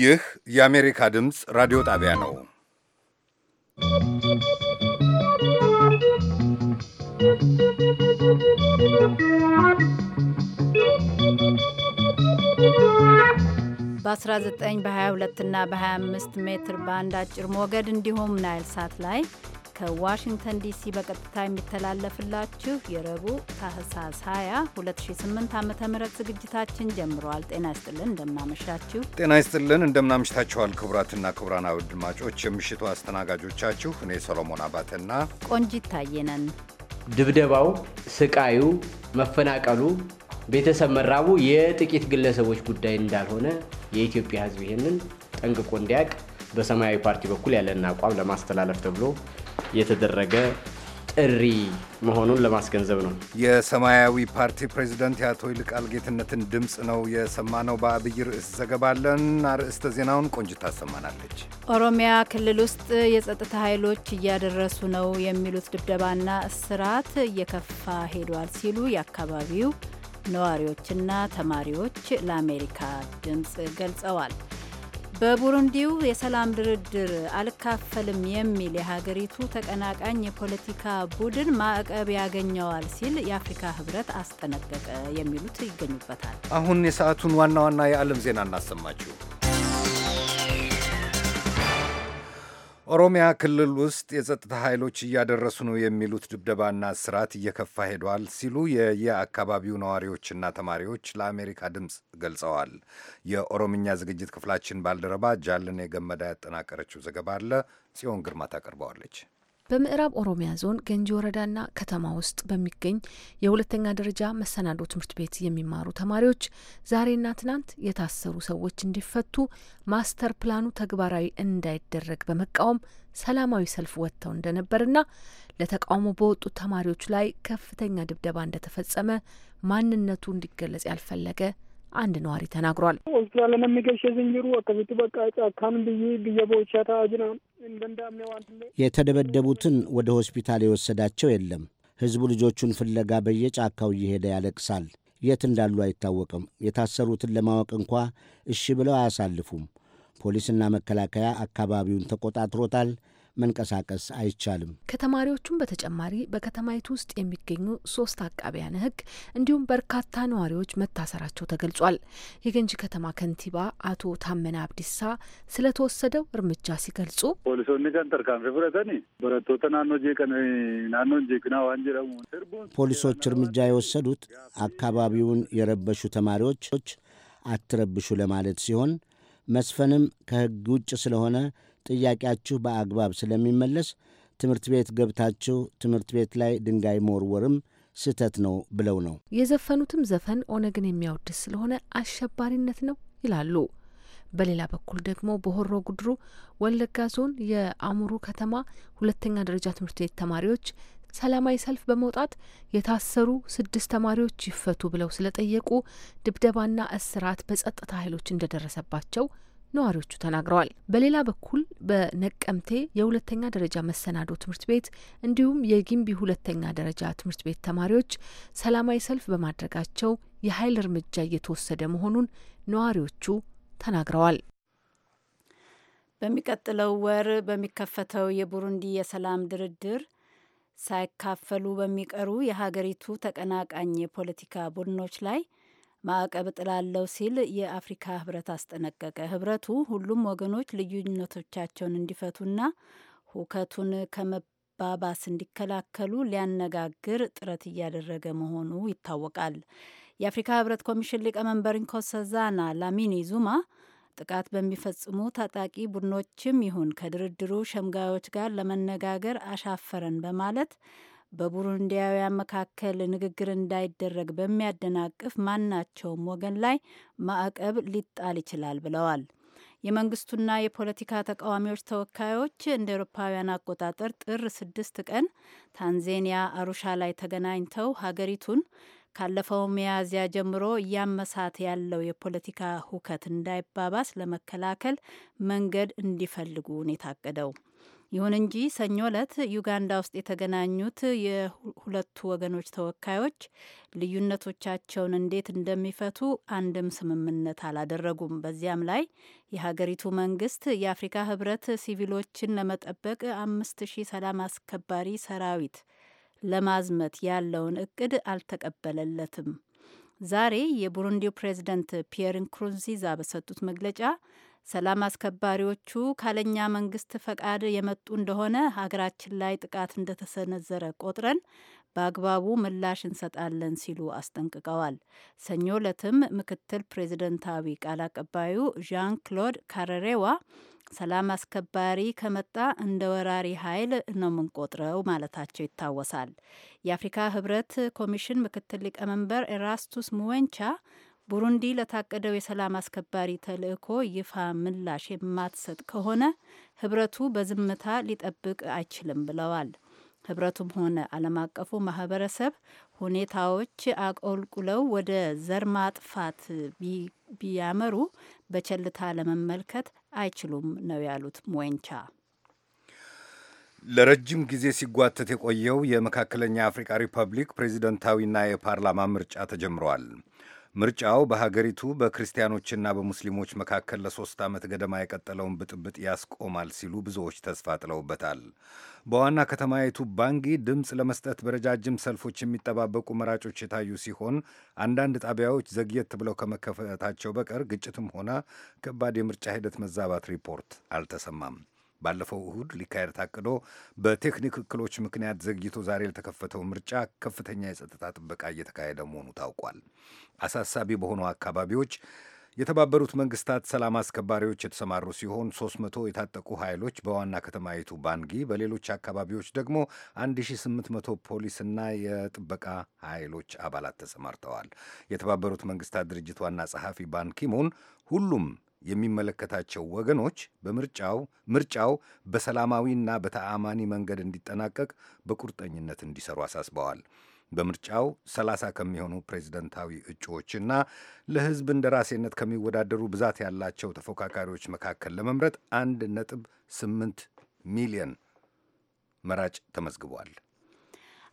ይህ የአሜሪካ ድምፅ ራዲዮ ጣቢያ ነው። በ19 በ22 እና በ25 ሜትር ባንድ አጭር ሞገድ እንዲሁም ናይል ሳት ላይ ከዋሽንግተን ዲሲ በቀጥታ የሚተላለፍላችሁ የረቡዕ ታህሳስ 20 2008 ዓ ም ዝግጅታችን ጀምረዋል። ጤና ይስጥልን እንደምናመሻችሁ። ጤና ይስጥልን እንደምናምሽታችኋል። ክቡራትና ክቡራን አድማጮች የምሽቱ አስተናጋጆቻችሁ እኔ ሰሎሞን አባተና ቆንጂት ታየነን። ድብደባው፣ ስቃዩ፣ መፈናቀሉ፣ ቤተሰብ መራቡ የጥቂት ግለሰቦች ጉዳይ እንዳልሆነ የኢትዮጵያ ሕዝብ ይህንን ጠንቅቆ እንዲያውቅ በሰማያዊ ፓርቲ በኩል ያለን አቋም ለማስተላለፍ ተብሎ የተደረገ ጥሪ መሆኑን ለማስገንዘብ ነው። የሰማያዊ ፓርቲ ፕሬዚደንት የአቶ ይልቃል ጌትነትን ድምፅ ነው የሰማነው። በአብይ ርዕስ ዘገባለን አርዕስተ ዜናውን ቆንጅት ታሰማናለች። ኦሮሚያ ክልል ውስጥ የጸጥታ ኃይሎች እያደረሱ ነው የሚሉት ድብደባና እስራት እየከፋ ሄዷል ሲሉ የአካባቢው ነዋሪዎችና ተማሪዎች ለአሜሪካ ድምፅ ገልጸዋል። በቡሩንዲው የሰላም ድርድር አልካፈልም የሚል የሀገሪቱ ተቀናቃኝ የፖለቲካ ቡድን ማዕቀብ ያገኘዋል ሲል የአፍሪካ ሕብረት አስጠነቀቀ። የሚሉት ይገኙበታል። አሁን የሰዓቱን ዋና ዋና የዓለም ዜና እናሰማችሁ። ኦሮሚያ ክልል ውስጥ የጸጥታ ኃይሎች እያደረሱ ነው የሚሉት ድብደባና እስራት እየከፋ ሄዷል ሲሉ የየአካባቢው ነዋሪዎችና ተማሪዎች ለአሜሪካ ድምፅ ገልጸዋል። የኦሮምኛ ዝግጅት ክፍላችን ባልደረባ ጃልን ገመዳ ያጠናቀረችው ዘገባ አለ ጽዮን ግርማ ታቀርበዋለች። በምዕራብ ኦሮሚያ ዞን ገንጂ ወረዳና ከተማ ውስጥ በሚገኝ የሁለተኛ ደረጃ መሰናዶ ትምህርት ቤት የሚማሩ ተማሪዎች ዛሬና ትናንት የታሰሩ ሰዎች እንዲፈቱ ማስተር ፕላኑ ተግባራዊ እንዳይደረግ በመቃወም ሰላማዊ ሰልፍ ወጥተው እንደነበርና ለተቃውሞ በወጡት ተማሪዎች ላይ ከፍተኛ ድብደባ እንደተፈጸመ ማንነቱ እንዲገለጽ ያልፈለገ አንድ ነዋሪ ተናግሯል። የተደበደቡትን ወደ ሆስፒታል የወሰዳቸው የለም። ሕዝቡ ልጆቹን ፍለጋ በየጫካው እየሄደ ያለቅሳል። የት እንዳሉ አይታወቅም። የታሰሩትን ለማወቅ እንኳ እሺ ብለው አያሳልፉም። ፖሊስና መከላከያ አካባቢውን ተቆጣጥሮታል። መንቀሳቀስ አይቻልም። ከተማሪዎቹም በተጨማሪ በከተማይቱ ውስጥ የሚገኙ ሶስት አቃቢያነ ሕግ እንዲሁም በርካታ ነዋሪዎች መታሰራቸው ተገልጿል። የገንጂ ከተማ ከንቲባ አቶ ታመነ አብዲሳ ስለተወሰደው እርምጃ ሲገልጹ ፖሊሶች እርምጃ የወሰዱት አካባቢውን የረበሹ ተማሪዎች አትረብሹ ለማለት ሲሆን መስፈንም ከሕግ ውጭ ስለሆነ ጥያቄያችሁ በአግባብ ስለሚመለስ ትምህርት ቤት ገብታችሁ ትምህርት ቤት ላይ ድንጋይ መወርወርም ስህተት ነው ብለው ነው የዘፈኑትም ዘፈን ኦነግን የሚያወድስ ስለሆነ አሸባሪነት ነው ይላሉ። በሌላ በኩል ደግሞ በሆሮ ጉድሩ ወለጋ ዞን የአሙሩ ከተማ ሁለተኛ ደረጃ ትምህርት ቤት ተማሪዎች ሰላማዊ ሰልፍ በመውጣት የታሰሩ ስድስት ተማሪዎች ይፈቱ ብለው ስለጠየቁ ድብደባና እስራት በጸጥታ ኃይሎች እንደደረሰባቸው ነዋሪዎቹ ተናግረዋል። በሌላ በኩል በነቀምቴ የሁለተኛ ደረጃ መሰናዶ ትምህርት ቤት እንዲሁም የጊምቢ ሁለተኛ ደረጃ ትምህርት ቤት ተማሪዎች ሰላማዊ ሰልፍ በማድረጋቸው የኃይል እርምጃ እየተወሰደ መሆኑን ነዋሪዎቹ ተናግረዋል። በሚቀጥለው ወር በሚከፈተው የቡሩንዲ የሰላም ድርድር ሳይካፈሉ በሚቀሩ የሀገሪቱ ተቀናቃኝ የፖለቲካ ቡድኖች ላይ ማዕቀብ ጥላለው ሲል የአፍሪካ ህብረት አስጠነቀቀ። ህብረቱ ሁሉም ወገኖች ልዩነቶቻቸውን እንዲፈቱና ሁከቱን ከመባባስ እንዲከላከሉ ሊያነጋግር ጥረት እያደረገ መሆኑ ይታወቃል። የአፍሪካ ህብረት ኮሚሽን ሊቀመንበር ንኮሳዛና ላሚኒ ዙማ ጥቃት በሚፈጽሙ ታጣቂ ቡድኖችም ይሁን ከድርድሩ ሸምጋዮች ጋር ለመነጋገር አሻፈረን በማለት በቡሩንዲያውያን መካከል ንግግር እንዳይደረግ በሚያደናቅፍ ማናቸውም ወገን ላይ ማዕቀብ ሊጣል ይችላል ብለዋል። የመንግስቱና የፖለቲካ ተቃዋሚዎች ተወካዮች እንደ ኤሮፓውያን አቆጣጠር ጥር ስድስት ቀን ታንዜኒያ አሩሻ ላይ ተገናኝተው ሀገሪቱን ካለፈው ሚያዝያ ጀምሮ እያመሳት ያለው የፖለቲካ ሁከት እንዳይባባስ ለመከላከል መንገድ እንዲፈልጉ ነው የታቀደው። ይሁን እንጂ ሰኞ ዕለት ዩጋንዳ ውስጥ የተገናኙት የሁለቱ ወገኖች ተወካዮች ልዩነቶቻቸውን እንዴት እንደሚፈቱ አንድም ስምምነት አላደረጉም። በዚያም ላይ የሀገሪቱ መንግስት የአፍሪካ ህብረት ሲቪሎችን ለመጠበቅ አምስት ሺህ ሰላም አስከባሪ ሰራዊት ለማዝመት ያለውን እቅድ አልተቀበለለትም። ዛሬ የቡሩንዲው ፕሬዝደንት ፒየር ንኩሩንዚዛ በሰጡት መግለጫ ሰላም አስከባሪዎቹ ካለኛ መንግስት ፈቃድ የመጡ እንደሆነ ሀገራችን ላይ ጥቃት እንደተሰነዘረ ቆጥረን በአግባቡ ምላሽ እንሰጣለን ሲሉ አስጠንቅቀዋል። ሰኞ ዕለትም ምክትል ፕሬዚደንታዊ ቃል አቀባዩ ዣን ክሎድ ካረሬዋ ሰላም አስከባሪ ከመጣ እንደ ወራሪ ኃይል ነው የምንቆጥረው ማለታቸው ይታወሳል። የአፍሪካ ህብረት ኮሚሽን ምክትል ሊቀመንበር ኤራስቱስ ሙወንቻ ቡሩንዲ ለታቀደው የሰላም አስከባሪ ተልእኮ ይፋ ምላሽ የማትሰጥ ከሆነ ህብረቱ በዝምታ ሊጠብቅ አይችልም ብለዋል። ህብረቱም ሆነ ዓለም አቀፉ ማህበረሰብ ሁኔታዎች አቆልቁለው ወደ ዘር ማጥፋት ቢያመሩ በቸልታ ለመመልከት አይችሉም ነው ያሉት ሞንቻ። ለረጅም ጊዜ ሲጓተት የቆየው የመካከለኛ አፍሪካ ሪፐብሊክ ፕሬዚደንታዊና የፓርላማ ምርጫ ተጀምረዋል። ምርጫው በሀገሪቱ በክርስቲያኖችና በሙስሊሞች መካከል ለሶስት ዓመት ገደማ የቀጠለውን ብጥብጥ ያስቆማል ሲሉ ብዙዎች ተስፋ ጥለውበታል። በዋና ከተማይቱ ባንጊ ድምፅ ለመስጠት በረጃጅም ሰልፎች የሚጠባበቁ መራጮች የታዩ ሲሆን አንዳንድ ጣቢያዎች ዘግየት ብለው ከመከፈታቸው በቀር ግጭትም ሆነ ከባድ የምርጫ ሂደት መዛባት ሪፖርት አልተሰማም። ባለፈው እሁድ ሊካሄድ ታቅዶ በቴክኒክ እክሎች ምክንያት ዘግይቶ ዛሬ ለተከፈተው ምርጫ ከፍተኛ የጸጥታ ጥበቃ እየተካሄደ መሆኑ ታውቋል። አሳሳቢ በሆኑ አካባቢዎች የተባበሩት መንግስታት ሰላም አስከባሪዎች የተሰማሩ ሲሆን 300 የታጠቁ ኃይሎች በዋና ከተማይቱ ባንጊ፣ በሌሎች አካባቢዎች ደግሞ 1800 ፖሊስና የጥበቃ ኃይሎች አባላት ተሰማርተዋል። የተባበሩት መንግስታት ድርጅት ዋና ጸሐፊ ባንኪሙን ሁሉም የሚመለከታቸው ወገኖች በምርጫው ምርጫው በሰላማዊና በተአማኒ መንገድ እንዲጠናቀቅ በቁርጠኝነት እንዲሰሩ አሳስበዋል። በምርጫው 30 ከሚሆኑ ፕሬዝደንታዊ እጩዎችና ለሕዝብ እንደራሴነት ከሚወዳደሩ ብዛት ያላቸው ተፎካካሪዎች መካከል ለመምረጥ ስምንት ሚሊዮን መራጭ ተመዝግቧል።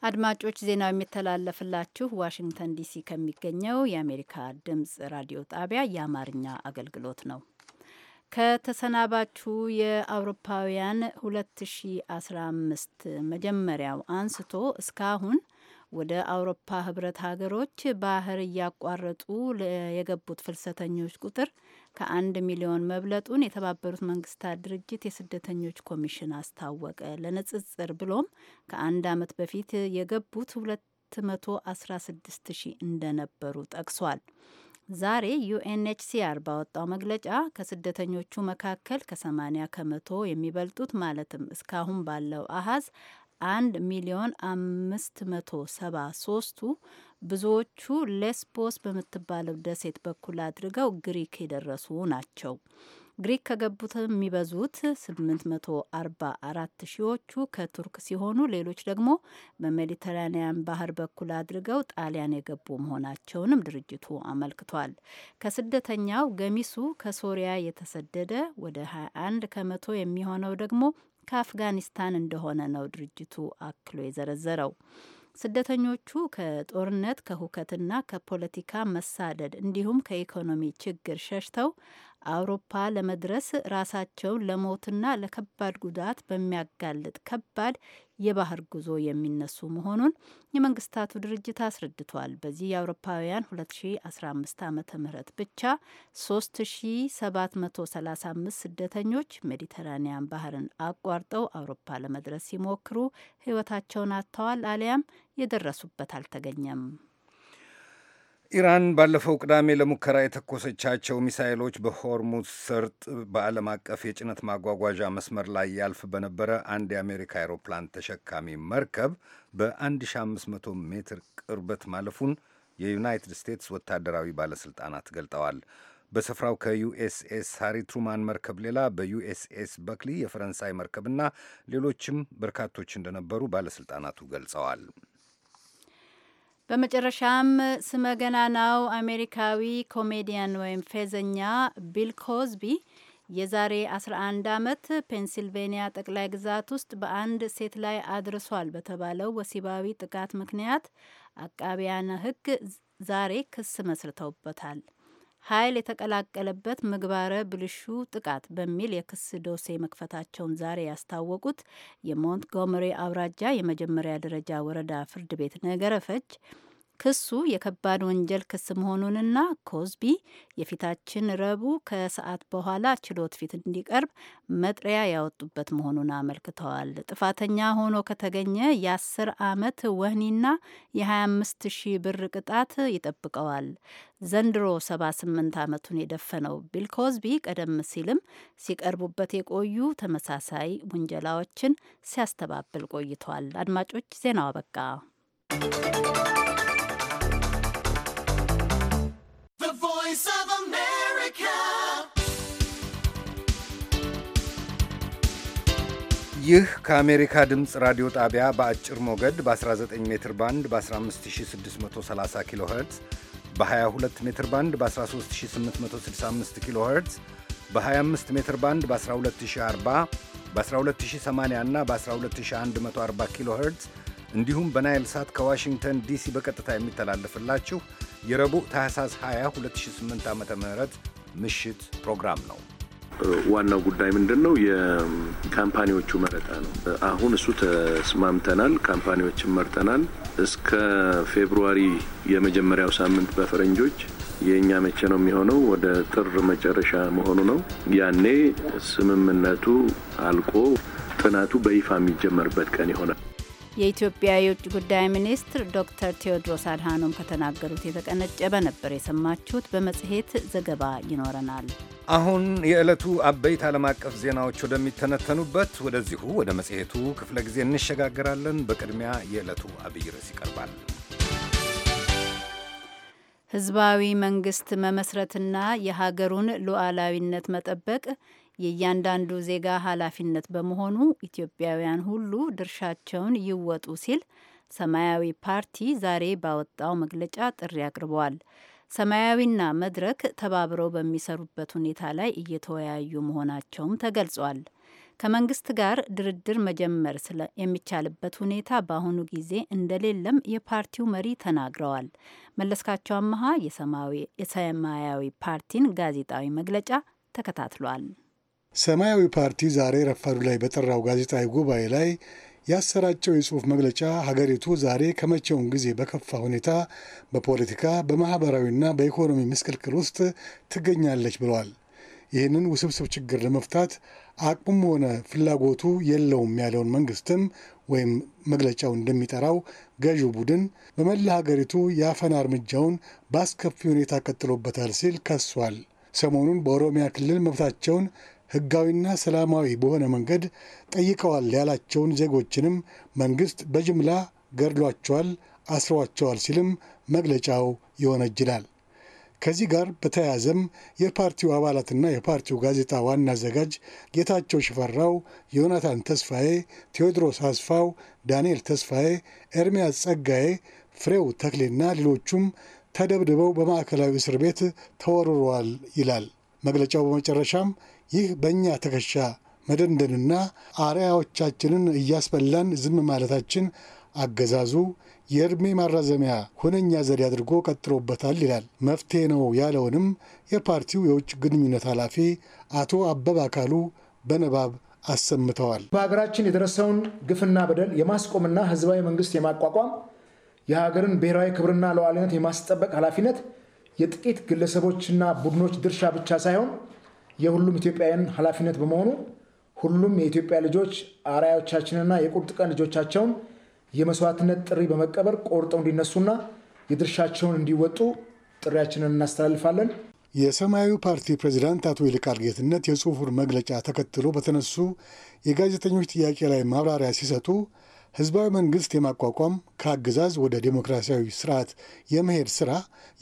አድማጮች ዜናው የሚተላለፍላችሁ ዋሽንግተን ዲሲ ከሚገኘው የአሜሪካ ድምጽ ራዲዮ ጣቢያ የአማርኛ አገልግሎት ነው። ከተሰናባቹ የአውሮፓውያን 2015 መጀመሪያው አንስቶ እስካሁን ወደ አውሮፓ ህብረት ሀገሮች ባህር እያቋረጡ የገቡት ፍልሰተኞች ቁጥር ከአንድ ሚሊዮን መብለጡን የተባበሩት መንግስታት ድርጅት የስደተኞች ኮሚሽን አስታወቀ። ለንጽጽር ብሎም ከአንድ አመት በፊት የገቡት 216 ሺህ እንደነበሩ ጠቅሷል። ዛሬ ዩኤንኤችሲአር ባወጣው መግለጫ ከስደተኞቹ መካከል ከ80 ከመቶ የሚበልጡት ማለትም እስካሁን ባለው አሀዝ አንድ ሚሊዮን አምስት መቶ ሰባ ሶስቱ ብዙዎቹ ሌስቦስ በምትባለው ደሴት በኩል አድርገው ግሪክ የደረሱ ናቸው። ግሪክ ከገቡት የሚበዙት 844 ሺዎቹ ከቱርክ ሲሆኑ ሌሎች ደግሞ በሜዲተራኒያን ባህር በኩል አድርገው ጣሊያን የገቡ መሆናቸውንም ድርጅቱ አመልክቷል። ከስደተኛው ገሚሱ ከሶሪያ የተሰደደ ወደ 21 ከመቶ የሚሆነው ደግሞ ከአፍጋኒስታን እንደሆነ ነው ድርጅቱ አክሎ የዘረዘረው። ስደተኞቹ ከጦርነት ከሁከትና ከፖለቲካ መሳደድ እንዲሁም ከኢኮኖሚ ችግር ሸሽተው አውሮፓ ለመድረስ ራሳቸውን ለሞትና ለከባድ ጉዳት በሚያጋልጥ ከባድ የባህር ጉዞ የሚነሱ መሆኑን የመንግስታቱ ድርጅት አስረድቷል። በዚህ የአውሮፓውያን 2015 ዓ ም ብቻ 3735 ስደተኞች ሜዲተራኒያን ባህርን አቋርጠው አውሮፓ ለመድረስ ሲሞክሩ ህይወታቸውን አጥተዋል አሊያም የደረሱበት አልተገኘም። ኢራን ባለፈው ቅዳሜ ለሙከራ የተኮሰቻቸው ሚሳይሎች በሆርሙዝ ሰርጥ በዓለም አቀፍ የጭነት ማጓጓዣ መስመር ላይ ያልፍ በነበረ አንድ የአሜሪካ አውሮፕላን ተሸካሚ መርከብ በ1500 ሜትር ቅርበት ማለፉን የዩናይትድ ስቴትስ ወታደራዊ ባለሥልጣናት ገልጠዋል። በስፍራው ከዩኤስኤስ ሃሪ ትሩማን መርከብ ሌላ በዩኤስኤስ በክሊ የፈረንሳይ መርከብና ሌሎችም በርካቶች እንደነበሩ ባለሥልጣናቱ ገልጸዋል። በመጨረሻም ስመገናናው አሜሪካዊ ኮሜዲያን ወይም ፌዘኛ ቢል ኮዝቢ የዛሬ 11 ዓመት ፔንሲልቬንያ ጠቅላይ ግዛት ውስጥ በአንድ ሴት ላይ አድርሷል በተባለው ወሲባዊ ጥቃት ምክንያት አቃቢያነ ሕግ ዛሬ ክስ መስርተውበታል። ኃይል የተቀላቀለበት ምግባረ ብልሹ ጥቃት በሚል የክስ ዶሴ መክፈታቸውን ዛሬ ያስታወቁት የሞንትጎመሪ አውራጃ የመጀመሪያ ደረጃ ወረዳ ፍርድ ቤት ነገረፈች ክሱ የከባድ ወንጀል ክስ መሆኑንና ኮዝቢ የፊታችን ረቡዕ ከሰዓት በኋላ ችሎት ፊት እንዲቀርብ መጥሪያ ያወጡበት መሆኑን አመልክተዋል። ጥፋተኛ ሆኖ ከተገኘ የአስር 10 ዓመት ወህኒና የ25 ሺህ ብር ቅጣት ይጠብቀዋል። ዘንድሮ 78 ዓመቱን የደፈነው ቢል ኮዝቢ ቀደም ሲልም ሲቀርቡበት የቆዩ ተመሳሳይ ውንጀላዎችን ሲያስተባብል ቆይቷል። አድማጮች ዜናው አበቃ። ይህ ከአሜሪካ ድምፅ ራዲዮ ጣቢያ በአጭር ሞገድ በ19 ሜትር ባንድ በ15630 ኪሎ ኸርትዝ በ22 ሜትር ባንድ በ13865 ኪሎ ኸርትዝ በ25 ሜትር ባንድ በ12040 በ12080 እና በ12140 ኪሎ ኸርትዝ እንዲሁም በናይል ሳት ከዋሽንግተን ዲሲ በቀጥታ የሚተላለፍላችሁ የረቡዕ ታህሳስ 20 2008 ዓ ም ምሽት ፕሮግራም ነው። ዋናው ጉዳይ ምንድን ነው? የካምፓኒዎቹ መረጣ ነው። አሁን እሱ ተስማምተናል፣ ካምፓኒዎችን መርጠናል። እስከ ፌብሩዋሪ የመጀመሪያው ሳምንት በፈረንጆች የእኛ መቼ ነው የሚሆነው? ወደ ጥር መጨረሻ መሆኑ ነው። ያኔ ስምምነቱ አልቆ ጥናቱ በይፋ የሚጀመርበት ቀን ይሆናል። የኢትዮጵያ የውጭ ጉዳይ ሚኒስትር ዶክተር ቴዎድሮስ አድሃኖም ከተናገሩት የተቀነጨበ ነበር የሰማችሁት። በመጽሔት ዘገባ ይኖረናል። አሁን የዕለቱ አበይት ዓለም አቀፍ ዜናዎች ወደሚተነተኑበት ወደዚሁ ወደ መጽሔቱ ክፍለ ጊዜ እንሸጋገራለን። በቅድሚያ የዕለቱ አብይ ርዕስ ይቀርባል። ህዝባዊ መንግስት መመስረትና የሀገሩን ሉዓላዊነት መጠበቅ የእያንዳንዱ ዜጋ ኃላፊነት በመሆኑ ኢትዮጵያውያን ሁሉ ድርሻቸውን ይወጡ ሲል ሰማያዊ ፓርቲ ዛሬ ባወጣው መግለጫ ጥሪ አቅርበዋል። ሰማያዊና መድረክ ተባብረው በሚሰሩበት ሁኔታ ላይ እየተወያዩ መሆናቸውም ተገልጿል። ከመንግስት ጋር ድርድር መጀመር የሚቻልበት ሁኔታ በአሁኑ ጊዜ እንደሌለም የፓርቲው መሪ ተናግረዋል። መለስካቸው አመሀ የሰማያዊ ፓርቲን ጋዜጣዊ መግለጫ ተከታትሏል። ሰማያዊ ፓርቲ ዛሬ ረፋዱ ላይ በጠራው ጋዜጣዊ ጉባኤ ላይ ያሰራጨው የጽሑፍ መግለጫ ሀገሪቱ ዛሬ ከመቼውን ጊዜ በከፋ ሁኔታ በፖለቲካ በማኅበራዊና በኢኮኖሚ ምስቅልቅል ውስጥ ትገኛለች ብለዋል። ይህንን ውስብስብ ችግር ለመፍታት አቅሙም ሆነ ፍላጎቱ የለውም ያለውን መንግስትም ወይም መግለጫው እንደሚጠራው ገዢው ቡድን በመላ ሀገሪቱ የአፈና እርምጃውን በአስከፊ ሁኔታ ቀጥሎበታል ሲል ከሷል። ሰሞኑን በኦሮሚያ ክልል መብታቸውን ህጋዊና ሰላማዊ በሆነ መንገድ ጠይቀዋል ያላቸውን ዜጎችንም መንግስት በጅምላ ገድሏቸዋል፣ አስሯቸዋል ሲልም መግለጫው ይወነጅላል። ከዚህ ጋር በተያያዘም የፓርቲው አባላትና የፓርቲው ጋዜጣ ዋና አዘጋጅ ጌታቸው ሽፈራው፣ ዮናታን ተስፋዬ፣ ቴዎድሮስ አስፋው፣ ዳንኤል ተስፋዬ፣ ኤርምያስ ጸጋዬ፣ ፍሬው ተክሌና ሌሎቹም ተደብድበው በማዕከላዊ እስር ቤት ተወርሯል ይላል መግለጫው። በመጨረሻም ይህ በእኛ ትከሻ መደንደንና አርያዎቻችንን እያስበላን ዝም ማለታችን አገዛዙ የእድሜ ማራዘሚያ ሁነኛ ዘዴ አድርጎ ቀጥሎበታል ይላል። መፍትሄ ነው ያለውንም የፓርቲው የውጭ ግንኙነት ኃላፊ አቶ አበብ አካሉ በንባብ አሰምተዋል። በሀገራችን የደረሰውን ግፍና በደል የማስቆምና ህዝባዊ መንግስት የማቋቋም የሀገርን ብሔራዊ ክብርና ሉዓላዊነት የማስጠበቅ ኃላፊነት የጥቂት ግለሰቦችና ቡድኖች ድርሻ ብቻ ሳይሆን የሁሉም ኢትዮጵያውያን ኃላፊነት በመሆኑ ሁሉም የኢትዮጵያ ልጆች አርአዮቻችንና የቁርጥ ቀን ልጆቻቸውን የመስዋዕትነት ጥሪ በመቀበር ቆርጠው እንዲነሱና የድርሻቸውን እንዲወጡ ጥሪያችንን እናስተላልፋለን። የሰማያዊ ፓርቲ ፕሬዚዳንት አቶ ይልቃል ጌትነት የጽሁፉን መግለጫ ተከትሎ በተነሱ የጋዜጠኞች ጥያቄ ላይ ማብራሪያ ሲሰጡ ህዝባዊ መንግስት የማቋቋም ከአገዛዝ ወደ ዴሞክራሲያዊ ስርዓት የመሄድ ስራ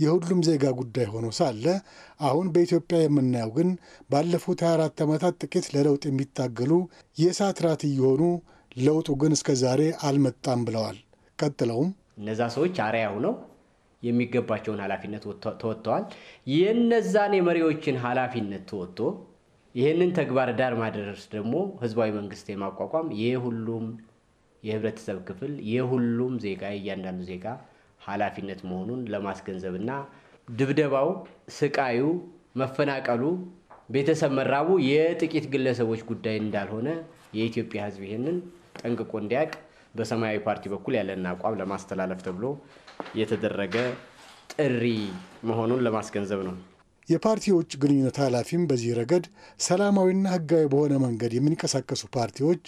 የሁሉም ዜጋ ጉዳይ ሆኖ ሳለ አሁን በኢትዮጵያ የምናየው ግን ባለፉት 24 ዓመታት ጥቂት ለለውጥ የሚታገሉ የእሳት ራት እየሆኑ ለውጡ ግን እስከ ዛሬ አልመጣም ብለዋል። ቀጥለውም እነዛ ሰዎች አርያ ሆነው የሚገባቸውን ኃላፊነት ተወጥተዋል። የነዛን የመሪዎችን ኃላፊነት ተወጥቶ ይህንን ተግባር ዳር ማድረስ ደግሞ ህዝባዊ መንግስት የማቋቋም ይህ ሁሉም የህብረተሰብ ክፍል የሁሉም ዜጋ የእያንዳንዱ ዜጋ ኃላፊነት መሆኑን ለማስገንዘብ ና ድብደባው፣ ስቃዩ፣ መፈናቀሉ፣ ቤተሰብ መራቡ የጥቂት ግለሰቦች ጉዳይ እንዳልሆነ የኢትዮጵያ ህዝብ ይህንን ጠንቅቆ እንዲያውቅ በሰማያዊ ፓርቲ በኩል ያለን አቋም ለማስተላለፍ ተብሎ የተደረገ ጥሪ መሆኑን ለማስገንዘብ ነው። የፓርቲዎች ግንኙነት ኃላፊም በዚህ ረገድ ሰላማዊና ህጋዊ በሆነ መንገድ የሚንቀሳቀሱ ፓርቲዎች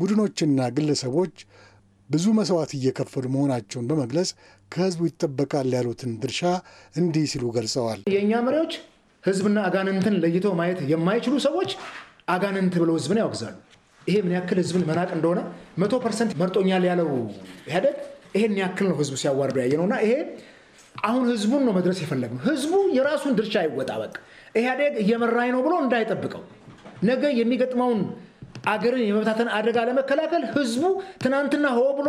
ቡድኖችና ግለሰቦች ብዙ መስዋዕት እየከፈሉ መሆናቸውን በመግለጽ ከህዝቡ ይጠበቃል ያሉትን ድርሻ እንዲህ ሲሉ ገልጸዋል። የእኛ መሪዎች ህዝብና አጋንንትን ለይተው ማየት የማይችሉ ሰዎች አጋንንት ብለው ህዝብን ያወግዛሉ። ይሄ ምን ያክል ህዝብን መናቅ እንደሆነ መቶ ፐርሰንት መርጦኛል ያለው ኢህአዴግ ይሄን ያክል ነው ህዝቡ ሲያዋርዱ ያየ ነውና ይሄ አሁን ህዝቡን ነው መድረስ የፈለግነው። ህዝቡ የራሱን ድርሻ ይወጣ። በቃ ኢህአዴግ እየመራኝ ነው ብሎ እንዳይጠብቀው ነገ የሚገጥመውን አገርን የመብታትን አደጋ ለመከላከል ህዝቡ ትናንትና ሆ ብሎ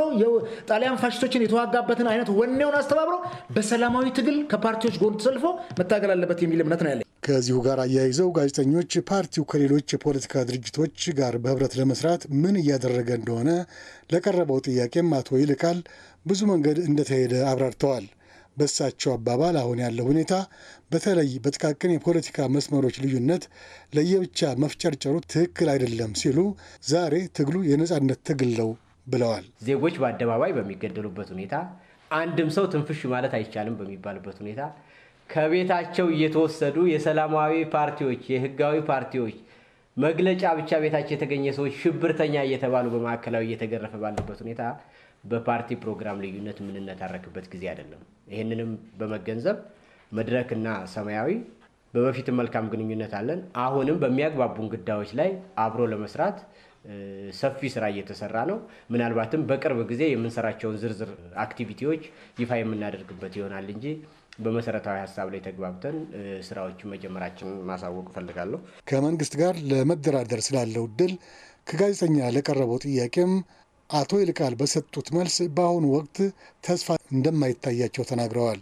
ጣሊያን ፋሽቶችን የተዋጋበትን አይነት ወኔውን አስተባብሮ በሰላማዊ ትግል ከፓርቲዎች ጎን ተሰልፎ መታገል አለበት የሚል እምነት ነው ያለ። ከዚሁ ጋር አያይዘው ጋዜጠኞች ፓርቲው ከሌሎች የፖለቲካ ድርጅቶች ጋር በህብረት ለመስራት ምን እያደረገ እንደሆነ ለቀረበው ጥያቄም አቶ ይልቃል ብዙ መንገድ እንደተሄደ አብራርተዋል። በእሳቸው አባባል አሁን ያለው ሁኔታ በተለይ በጥቃቅን የፖለቲካ መስመሮች ልዩነት ለየብቻ መፍጨርጨሩ ትክክል አይደለም ሲሉ ዛሬ ትግሉ የነጻነት ትግል ነው ብለዋል። ዜጎች በአደባባይ በሚገደሉበት ሁኔታ አንድም ሰው ትንፍሽ ማለት አይቻልም በሚባልበት ሁኔታ ከቤታቸው እየተወሰዱ የሰላማዊ ፓርቲዎች የህጋዊ ፓርቲዎች መግለጫ ብቻ ቤታቸው የተገኘ ሰዎች ሽብርተኛ እየተባሉ በማዕከላዊ እየተገረፈ ባለበት ሁኔታ በፓርቲ ፕሮግራም ልዩነት የምንነታረክበት ጊዜ አይደለም። ይህንንም በመገንዘብ መድረክና ሰማያዊ በበፊትም መልካም ግንኙነት አለን። አሁንም በሚያግባቡን ጉዳዮች ላይ አብሮ ለመስራት ሰፊ ስራ እየተሰራ ነው። ምናልባትም በቅርብ ጊዜ የምንሰራቸውን ዝርዝር አክቲቪቲዎች ይፋ የምናደርግበት ይሆናል እንጂ በመሰረታዊ ሀሳብ ላይ ተግባብተን ስራዎችን መጀመራችን ማሳወቅ እፈልጋለሁ። ከመንግስት ጋር ለመደራደር ስላለው እድል ከጋዜጠኛ ለቀረበው ጥያቄም አቶ ይልቃል በሰጡት መልስ በአሁኑ ወቅት ተስፋ እንደማይታያቸው ተናግረዋል።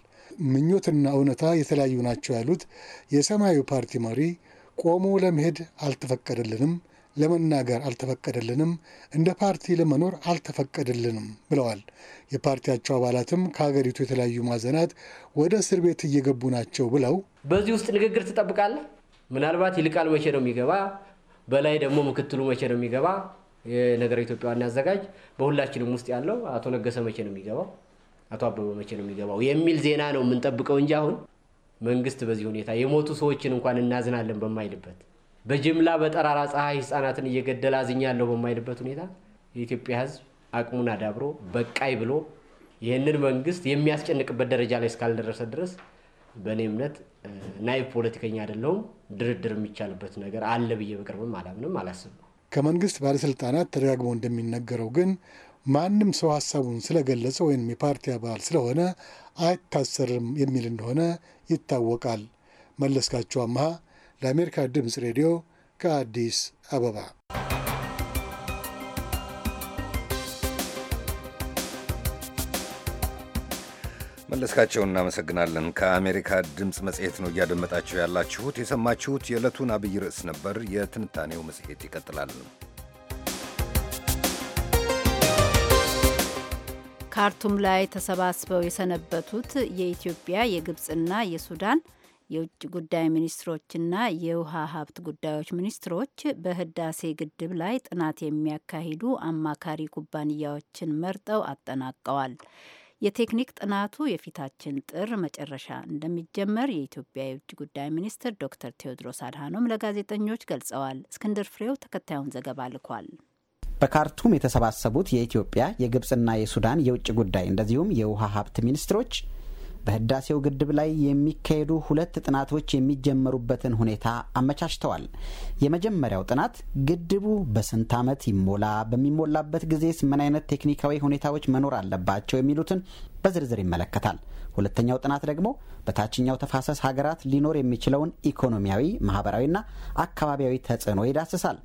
ምኞትና እውነታ የተለያዩ ናቸው ያሉት የሰማያዊ ፓርቲ መሪ ቆሞ ለመሄድ አልተፈቀደልንም፣ ለመናገር አልተፈቀደልንም፣ እንደ ፓርቲ ለመኖር አልተፈቀደልንም ብለዋል። የፓርቲያቸው አባላትም ከሀገሪቱ የተለያዩ ማዕዘናት ወደ እስር ቤት እየገቡ ናቸው ብለው በዚህ ውስጥ ንግግር ትጠብቃለህ? ምናልባት ይልቃል መቼ ነው የሚገባ? በላይ ደግሞ ምክትሉ መቼ ነው የሚገባ የነገረ ኢትዮጵያ ዋና አዘጋጅ በሁላችንም ውስጥ ያለው አቶ ነገሰ መቼ ነው የሚገባው፣ አቶ አበበ መቼ ነው የሚገባው የሚል ዜና ነው የምንጠብቀው እንጂ አሁን መንግስት በዚህ ሁኔታ የሞቱ ሰዎችን እንኳን እናዝናለን በማይልበት በጅምላ በጠራራ ፀሐይ ህፃናትን እየገደለ አዝኛለሁ በማይልበት ሁኔታ የኢትዮጵያ ህዝብ አቅሙን አዳብሮ በቃይ ብሎ ይህንን መንግስት የሚያስጨንቅበት ደረጃ ላይ እስካልደረሰ ድረስ በእኔ እምነት ናይብ ፖለቲከኛ አይደለሁም። ድርድር የሚቻልበት ነገር አለ ብዬ በቅርብም አላምንም አላስብም። ከመንግስት ባለስልጣናት ተደጋግሞ እንደሚነገረው ግን ማንም ሰው ሀሳቡን ስለገለጸ ወይም የፓርቲ አባል ስለሆነ አይታሰርም የሚል እንደሆነ ይታወቃል። መለስካቸው አመሃ ለአሜሪካ ድምፅ ሬዲዮ ከአዲስ አበባ መለስካቸው እናመሰግናለን። ከአሜሪካ ድምፅ መጽሔት ነው እያደመጣችሁ ያላችሁት። የሰማችሁት የዕለቱን አብይ ርዕስ ነበር። የትንታኔው መጽሔት ይቀጥላል። ካርቱም ላይ ተሰባስበው የሰነበቱት የኢትዮጵያ የግብፅና የሱዳን የውጭ ጉዳይ ሚኒስትሮችና የውሃ ሀብት ጉዳዮች ሚኒስትሮች በህዳሴ ግድብ ላይ ጥናት የሚያካሂዱ አማካሪ ኩባንያዎችን መርጠው አጠናቀዋል። የቴክኒክ ጥናቱ የፊታችን ጥር መጨረሻ እንደሚጀመር የኢትዮጵያ የውጭ ጉዳይ ሚኒስትር ዶክተር ቴዎድሮስ አድሃኖም ለጋዜጠኞች ገልጸዋል። እስክንድር ፍሬው ተከታዩን ዘገባ ልኳል። በካርቱም የተሰባሰቡት የኢትዮጵያ የግብፅና የሱዳን የውጭ ጉዳይ እንደዚሁም የውሃ ሀብት ሚኒስትሮች በህዳሴው ግድብ ላይ የሚካሄዱ ሁለት ጥናቶች የሚጀመሩበትን ሁኔታ አመቻችተዋል። የመጀመሪያው ጥናት ግድቡ በስንት ዓመት ይሞላ፣ በሚሞላበት ጊዜስ ምን አይነት ቴክኒካዊ ሁኔታዎች መኖር አለባቸው የሚሉትን በዝርዝር ይመለከታል። ሁለተኛው ጥናት ደግሞ በታችኛው ተፋሰስ ሀገራት ሊኖር የሚችለውን ኢኮኖሚያዊ፣ ማህበራዊና አካባቢያዊ ተጽዕኖ ይዳስሳል።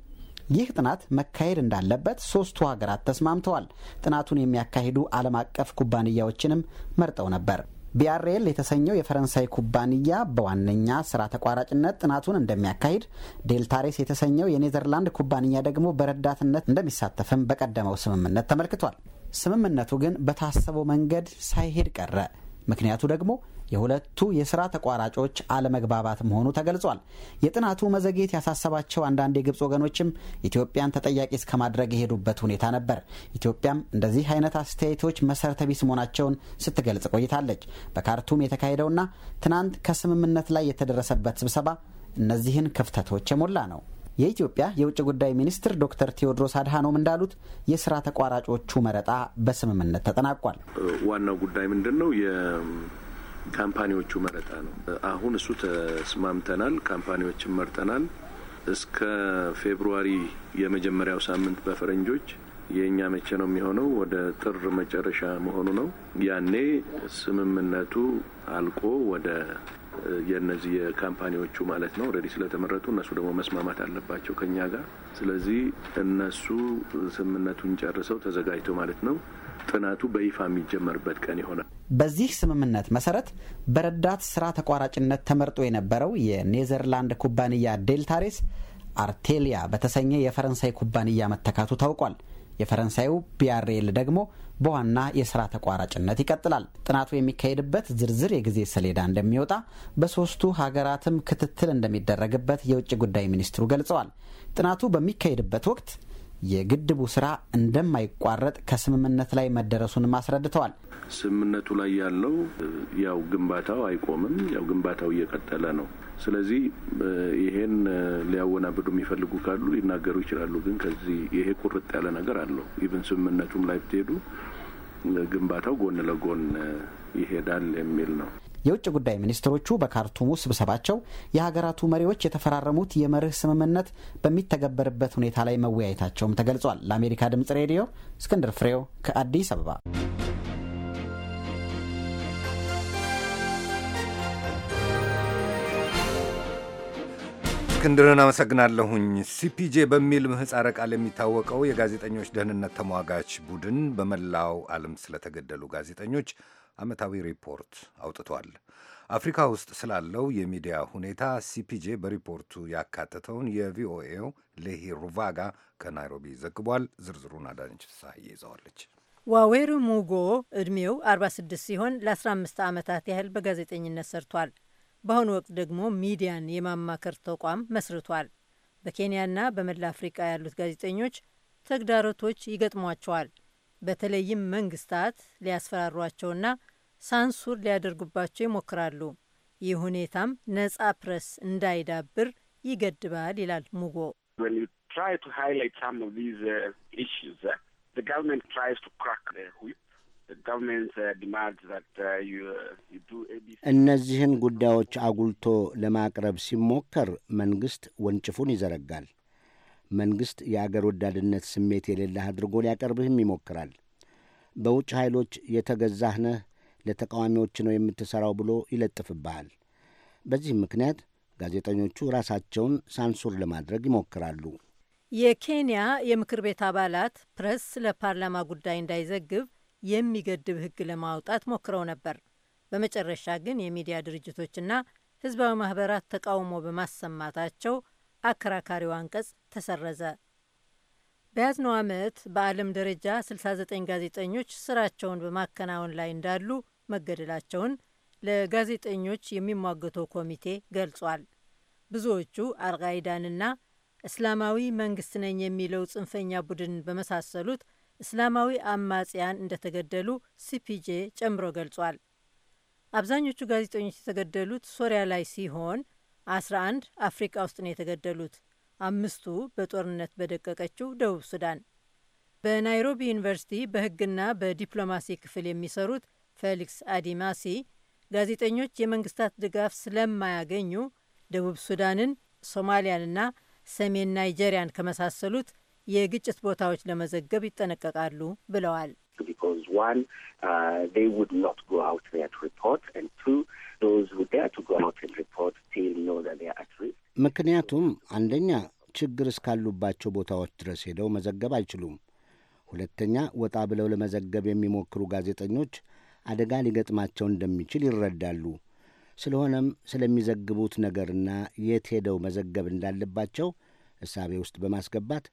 ይህ ጥናት መካሄድ እንዳለበት ሶስቱ ሀገራት ተስማምተዋል። ጥናቱን የሚያካሂዱ ዓለም አቀፍ ኩባንያዎችንም መርጠው ነበር። ቢአርኤል የተሰኘው የፈረንሳይ ኩባንያ በዋነኛ ስራ ተቋራጭነት ጥናቱን እንደሚያካሂድ፣ ዴልታሬስ የተሰኘው የኔዘርላንድ ኩባንያ ደግሞ በረዳትነት እንደሚሳተፍም በቀደመው ስምምነት ተመልክቷል። ስምምነቱ ግን በታሰበው መንገድ ሳይሄድ ቀረ። ምክንያቱ ደግሞ የሁለቱ የስራ ተቋራጮች አለመግባባት መሆኑ ተገልጿል። የጥናቱ መዘግየት ያሳሰባቸው አንዳንድ የግብፅ ወገኖችም ኢትዮጵያን ተጠያቂ እስከማድረግ የሄዱበት ሁኔታ ነበር። ኢትዮጵያም እንደዚህ አይነት አስተያየቶች መሰረተ ቢስ መሆናቸውን ስትገልጽ ቆይታለች። በካርቱም የተካሄደውና ትናንት ከስምምነት ላይ የተደረሰበት ስብሰባ እነዚህን ክፍተቶች የሞላ ነው። የኢትዮጵያ የውጭ ጉዳይ ሚኒስትር ዶክተር ቴዎድሮስ አድሃኖም እንዳሉት የስራ ተቋራጮቹ መረጣ በስምምነት ተጠናቋል። ዋናው ጉዳይ ምንድን ነው? የካምፓኒዎቹ መረጣ ነው። አሁን እሱ ተስማምተናል። ካምፓኒዎችን መርጠናል። እስከ ፌብሩዋሪ የመጀመሪያው ሳምንት በፈረንጆች የእኛ መቼ ነው የሚሆነው? ወደ ጥር መጨረሻ መሆኑ ነው። ያኔ ስምምነቱ አልቆ ወደ የነዚህ የካምፓኒዎቹ ማለት ነው ረዲ ስለተመረጡ እነሱ ደግሞ መስማማት አለባቸው ከኛ ጋር። ስለዚህ እነሱ ስምምነቱን ጨርሰው ተዘጋጅተው ማለት ነው ጥናቱ በይፋ የሚጀመርበት ቀን ይሆናል። በዚህ ስምምነት መሰረት በረዳት ስራ ተቋራጭነት ተመርጦ የነበረው የኔዘርላንድ ኩባንያ ዴልታሬስ አርቴሊያ በተሰኘ የፈረንሳይ ኩባንያ መተካቱ ታውቋል። የፈረንሳዩ ቢያሬል ደግሞ በዋና የስራ ተቋራጭነት ይቀጥላል። ጥናቱ የሚካሄድበት ዝርዝር የጊዜ ሰሌዳ እንደሚወጣ በሶስቱ ሀገራትም ክትትል እንደሚደረግበት የውጭ ጉዳይ ሚኒስትሩ ገልጸዋል። ጥናቱ በሚካሄድበት ወቅት የግድቡ ስራ እንደማይቋረጥ ከስምምነት ላይ መደረሱንም አስረድተዋል። ስምምነቱ ላይ ያለው ያው ግንባታው አይቆምም፣ ያው ግንባታው እየቀጠለ ነው። ስለዚህ ይሄን ሊያወናብዱ የሚፈልጉ ካሉ ሊናገሩ ይችላሉ። ግን ከዚህ ይሄ ቁርጥ ያለ ነገር አለው። ኢቨን ስምምነቱም ላይ ብትሄዱ ግንባታው ጎን ለጎን ይሄዳል የሚል ነው። የውጭ ጉዳይ ሚኒስትሮቹ በካርቱሙ ስብሰባቸው የሀገራቱ መሪዎች የተፈራረሙት የመርህ ስምምነት በሚተገበርበት ሁኔታ ላይ መወያየታቸውም ተገልጿል። ለአሜሪካ ድምጽ ሬዲዮ እስክንድር ፍሬው ከአዲስ አበባ እስክንድርን አመሰግናለሁኝ። ሲፒጄ በሚል ምህፃረ ቃል የሚታወቀው የጋዜጠኞች ደህንነት ተሟጋች ቡድን በመላው ዓለም ስለተገደሉ ጋዜጠኞች ዓመታዊ ሪፖርት አውጥቷል። አፍሪካ ውስጥ ስላለው የሚዲያ ሁኔታ ሲፒጄ በሪፖርቱ ያካተተውን የቪኦኤው ሌሂ ሩቫጋ ከናይሮቢ ዘግቧል። ዝርዝሩን አዳነች ፍስሐ ይዘዋለች። ዋዌሩ ሙጎ ዕድሜው 46 ሲሆን ለ15 ዓመታት ያህል በጋዜጠኝነት ሰርቷል። በአሁኑ ወቅት ደግሞ ሚዲያን የማማከር ተቋም መስርቷል። በኬንያና በመላ አፍሪቃ ያሉት ጋዜጠኞች ተግዳሮቶች ይገጥሟቸዋል። በተለይም መንግስታት ሊያስፈራሯቸውና ሳንሱር ሊያደርጉባቸው ይሞክራሉ። ይህ ሁኔታም ነጻ ፕረስ እንዳይዳብር ይገድባል ይላል ሙጎ። Uh, uh, uh, እነዚህን ጉዳዮች አጉልቶ ለማቅረብ ሲሞከር መንግሥት ወንጭፉን ይዘረጋል። መንግሥት የአገር ወዳድነት ስሜት የሌለህ አድርጎ ሊያቀርብህም ይሞክራል። በውጭ ኃይሎች የተገዛህ ነህ፣ ለተቃዋሚዎች ነው የምትሠራው ብሎ ይለጥፍብሃል። በዚህም ምክንያት ጋዜጠኞቹ ራሳቸውን ሳንሱር ለማድረግ ይሞክራሉ። የኬንያ የምክር ቤት አባላት ፕሬስ ለፓርላማ ጉዳይ እንዳይዘግብ የሚገድብ ህግ ለማውጣት ሞክረው ነበር። በመጨረሻ ግን የሚዲያ ድርጅቶችና ህዝባዊ ማህበራት ተቃውሞ በማሰማታቸው አከራካሪው አንቀጽ ተሰረዘ። በያዝነው ዓመት በዓለም ደረጃ 69 ጋዜጠኞች ስራቸውን በማከናወን ላይ እንዳሉ መገደላቸውን ለጋዜጠኞች የሚሟገተው ኮሚቴ ገልጿል። ብዙዎቹ አልቃይዳንና እስላማዊ መንግስት ነኝ የሚለው ጽንፈኛ ቡድን በመሳሰሉት እስላማዊ አማጽያን እንደተገደሉ ሲፒጄ ጨምሮ ገልጿል። አብዛኞቹ ጋዜጠኞች የተገደሉት ሶሪያ ላይ ሲሆን 11 አፍሪካ ውስጥ ነው የተገደሉት፣ አምስቱ በጦርነት በደቀቀችው ደቡብ ሱዳን። በናይሮቢ ዩኒቨርሲቲ በሕግና በዲፕሎማሲ ክፍል የሚሰሩት ፌሊክስ አዲማሲ ጋዜጠኞች የመንግስታት ድጋፍ ስለማያገኙ ደቡብ ሱዳንን፣ ሶማሊያንና ሰሜን ናይጄሪያን ከመሳሰሉት የግጭት ቦታዎች ለመዘገብ ይጠነቀቃሉ ብለዋል። uh, ምክንያቱም አንደኛ ችግር እስካሉባቸው ቦታዎች ድረስ ሄደው መዘገብ አይችሉም። ሁለተኛ ወጣ ብለው ለመዘገብ የሚሞክሩ ጋዜጠኞች አደጋ ሊገጥማቸው እንደሚችል ይረዳሉ። ስለሆነም ስለሚዘግቡት ነገርና የት ሄደው መዘገብ እንዳለባቸው እሳቤ ውስጥ በማስገባት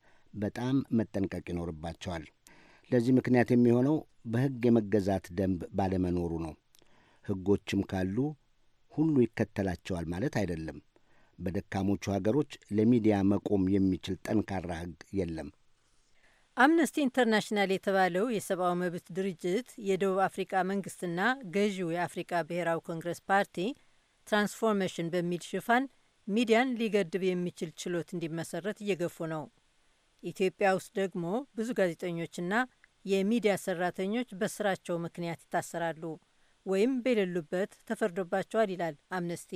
በጣም መጠንቀቅ ይኖርባቸዋል። ለዚህ ምክንያት የሚሆነው በሕግ የመገዛት ደንብ ባለመኖሩ ነው። ሕጎችም ካሉ ሁሉ ይከተላቸዋል ማለት አይደለም። በደካሞቹ ሀገሮች ለሚዲያ መቆም የሚችል ጠንካራ ሕግ የለም። አምነስቲ ኢንተርናሽናል የተባለው የሰብአዊ መብት ድርጅት የደቡብ አፍሪቃ መንግስትና ገዢው የአፍሪቃ ብሔራዊ ኮንግረስ ፓርቲ ትራንስፎርሜሽን በሚል ሽፋን ሚዲያን ሊገድብ የሚችል ችሎት እንዲመሰረት እየገፉ ነው። ኢትዮጵያ ውስጥ ደግሞ ብዙ ጋዜጠኞችና የሚዲያ ሰራተኞች በስራቸው ምክንያት ይታሰራሉ ወይም በሌሉበት ተፈርዶባቸዋል ይላል አምነስቲ።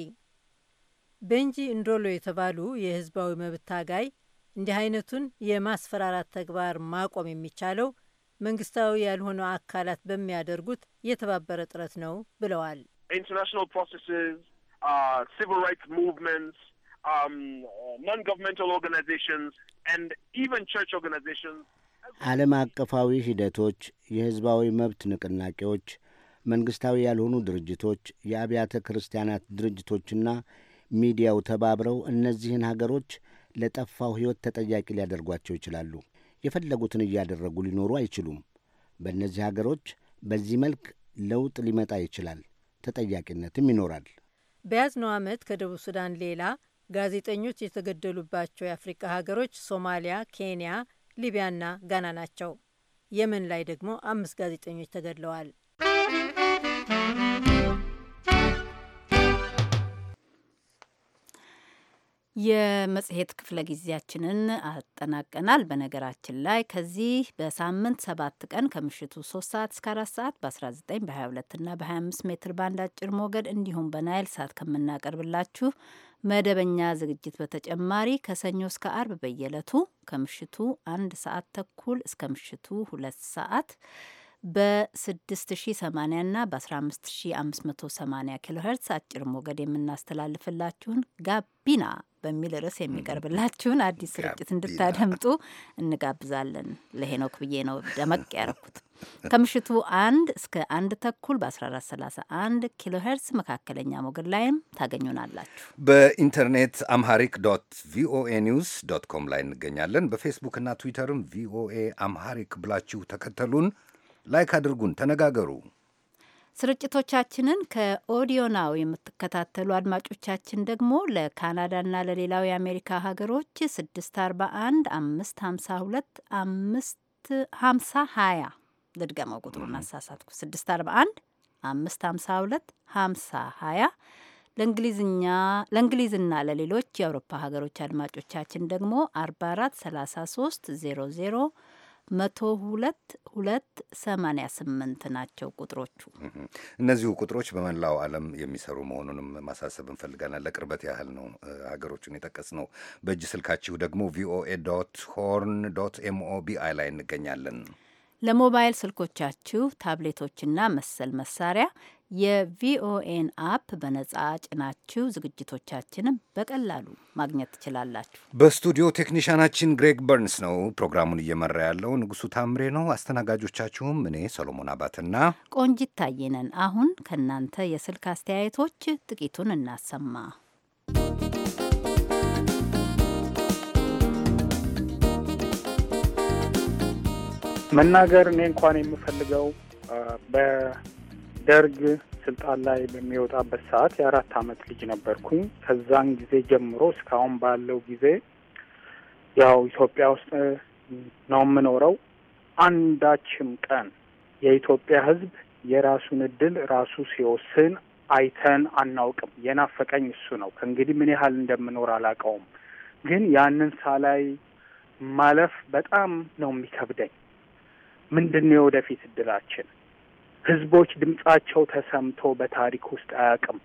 በንጂ እንዶሎ የተባሉ የህዝባዊ መብት ታጋይ እንዲህ አይነቱን የማስፈራራት ተግባር ማቆም የሚቻለው መንግስታዊ ያልሆኑ አካላት በሚያደርጉት የተባበረ ጥረት ነው ብለዋል። ኢንተርናሽናል ፕሮሴስስ ሲቪል ራይትስ ሙቭመንትስ Um, ዓለም አቀፋዊ ሂደቶች፣ የሕዝባዊ መብት ንቅናቄዎች፣ መንግሥታዊ ያልሆኑ ድርጅቶች፣ የአብያተ ክርስቲያናት ድርጅቶችና ሚዲያው ተባብረው እነዚህን ሀገሮች ለጠፋው ሕይወት ተጠያቂ ሊያደርጓቸው ይችላሉ። የፈለጉትን እያደረጉ ሊኖሩ አይችሉም። በእነዚህ ሀገሮች በዚህ መልክ ለውጥ ሊመጣ ይችላል፣ ተጠያቂነትም ይኖራል። በያዝነው ዓመት ከደቡብ ሱዳን ሌላ ጋዜጠኞች የተገደሉባቸው የአፍሪቃ ሀገሮች ሶማሊያ፣ ኬንያ፣ ሊቢያና ጋና ናቸው። የመን ላይ ደግሞ አምስት ጋዜጠኞች ተገድለዋል። የመጽሔት ክፍለ ጊዜያችንን አጠናቀናል። በነገራችን ላይ ከዚህ በሳምንት ሰባት ቀን ከምሽቱ ሶስት ሰዓት እስከ አራት ሰዓት በ19 በ22 እና በ25 ሜትር ባንድ አጭር ሞገድ እንዲሁም በናይል ሳት ከምናቀርብላችሁ መደበኛ ዝግጅት በተጨማሪ ከሰኞ እስከ አርብ በየዕለቱ ከምሽቱ አንድ ሰዓት ተኩል እስከ ምሽቱ ሁለት ሰዓት በ6080 እና በ15580 ኪሎ ሄርትስ አጭር ሞገድ የምናስተላልፍላችሁን ጋቢና በሚል ርዕስ የሚቀርብላችሁን አዲስ ስርጭት እንድታደምጡ እንጋብዛለን። ለሄኖክ ብዬ ነው ደመቅ ያረኩት። ከምሽቱ አንድ እስከ አንድ ተኩል በ1431 ኪሎ ሄርትስ መካከለኛ ሞገድ ላይም ታገኙናላችሁ። በኢንተርኔት አምሃሪክ ዶት ቪኦኤ ኒውስ ዶት ኮም ላይ እንገኛለን። በፌስቡክ እና ትዊተርም ቪኦኤ አምሃሪክ ብላችሁ ተከተሉን ላይክ አድርጉን፣ ተነጋገሩ። ስርጭቶቻችንን ከኦዲዮ ናው የምትከታተሉ አድማጮቻችን ደግሞ ለካናዳና ለሌላው የአሜሪካ ሀገሮች 641 552 550 20 ልድገመው፣ ቁጥሩን አሳሳትኩ። 641 552 50 20 ለእንግሊዝኛ ለእንግሊዝና ለሌሎች የአውሮፓ ሀገሮች አድማጮቻችን ደግሞ 44 33 00 መቶ ሁለት ሁለት ሰማኒያ ስምንት ናቸው ቁጥሮቹ። እነዚሁ ቁጥሮች በመላው ዓለም የሚሰሩ መሆኑንም ማሳሰብ እንፈልጋለን። ለቅርበት ያህል ነው ሀገሮቹን የጠቀስ ነው። በእጅ ስልካችሁ ደግሞ ቪኦኤ ዶት ሆርን ዶት ኤምኦቢአይ ላይ እንገኛለን። ለሞባይል ስልኮቻችሁ ታብሌቶችና መሰል መሳሪያ የቪኦኤን አፕ በነጻ ጭናችሁ ዝግጅቶቻችንም በቀላሉ ማግኘት ትችላላችሁ። በስቱዲዮ ቴክኒሽያናችን ግሬግ በርንስ ነው ፕሮግራሙን እየመራ ያለው። ንጉሱ ታምሬ ነው። አስተናጋጆቻችሁም እኔ ሰሎሞን አባትና ቆንጂት ታየነን። አሁን ከእናንተ የስልክ አስተያየቶች ጥቂቱን እናሰማ። መናገር እኔ እንኳን የምፈልገው ደርግ ስልጣን ላይ በሚወጣበት ሰዓት የአራት አመት ልጅ ነበርኩኝ። ከዛን ጊዜ ጀምሮ እስካሁን ባለው ጊዜ ያው ኢትዮጵያ ውስጥ ነው የምኖረው። አንዳችም ቀን የኢትዮጵያ ሕዝብ የራሱን እድል ራሱ ሲወስን አይተን አናውቅም። የናፈቀኝ እሱ ነው። ከእንግዲህ ምን ያህል እንደምኖር አላውቀውም፣ ግን ያንን ሳላይ ማለፍ በጣም ነው የሚከብደኝ። ምንድን ነው የወደፊት እድላችን? ህዝቦች ድምጻቸው ተሰምቶ በታሪክ ውስጥ አያውቅም።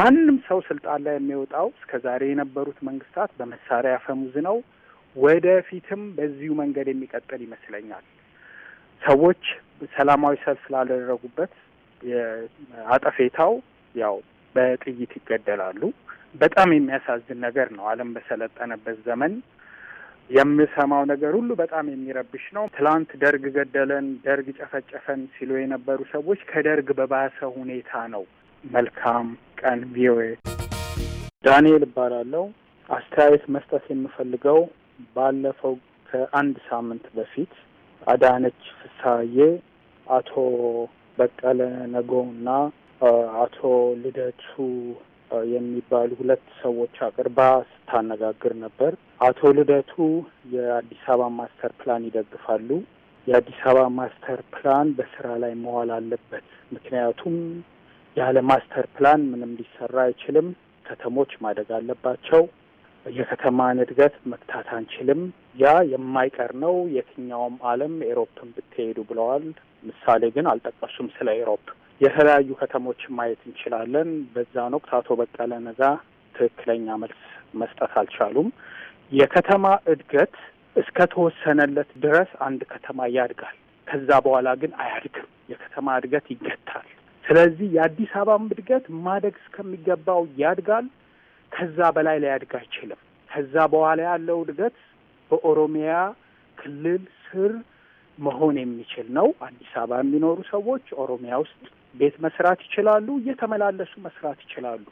ማንም ሰው ስልጣን ላይ የሚወጣው እስከ ዛሬ የነበሩት መንግስታት በመሳሪያ ያፈሙዝ ነው። ወደፊትም በዚሁ መንገድ የሚቀጥል ይመስለኛል። ሰዎች ሰላማዊ ሰልፍ ስላደረጉበት አጠፌታው ያው በጥይት ይገደላሉ። በጣም የሚያሳዝን ነገር ነው። ዓለም በሰለጠነበት ዘመን የምሰማው ነገር ሁሉ በጣም የሚረብሽ ነው። ትላንት ደርግ ገደለን፣ ደርግ ጨፈጨፈን ሲሉ የነበሩ ሰዎች ከደርግ በባሰ ሁኔታ ነው። መልካም ቀን ቪኦኤ። ዳንኤል እባላለሁ። አስተያየት መስጠት የምፈልገው ባለፈው ከአንድ ሳምንት በፊት አዳነች ፍሳዬ አቶ በቀለ ነጎ እና አቶ ልደቱ የሚባሉ ሁለት ሰዎች አቅርባ ስታነጋግር ነበር። አቶ ልደቱ የአዲስ አበባ ማስተር ፕላን ይደግፋሉ። የአዲስ አበባ ማስተር ፕላን በስራ ላይ መዋል አለበት። ምክንያቱም ያለ ማስተር ፕላን ምንም ሊሰራ አይችልም። ከተሞች ማደግ አለባቸው። የከተማን እድገት መግታት አንችልም። ያ የማይቀር ነው፣ የትኛውም ዓለም ኤሮፕን ብትሄዱ ብለዋል። ምሳሌ ግን አልጠቀሱም ስለ ኤሮፕ የተለያዩ ከተሞች ማየት እንችላለን። በዛን ወቅት አቶ በቀለ ነጋ ትክክለኛ መልስ መስጠት አልቻሉም። የከተማ እድገት እስከ ተወሰነለት ድረስ አንድ ከተማ ያድጋል። ከዛ በኋላ ግን አያድግም። የከተማ እድገት ይገታል። ስለዚህ የአዲስ አበባም እድገት ማደግ እስከሚገባው ያድጋል። ከዛ በላይ ሊያድግ አይችልም። ከዛ በኋላ ያለው እድገት በኦሮሚያ ክልል ስር መሆን የሚችል ነው። አዲስ አበባ የሚኖሩ ሰዎች ኦሮሚያ ውስጥ ቤት መስራት ይችላሉ፣ እየተመላለሱ መስራት ይችላሉ።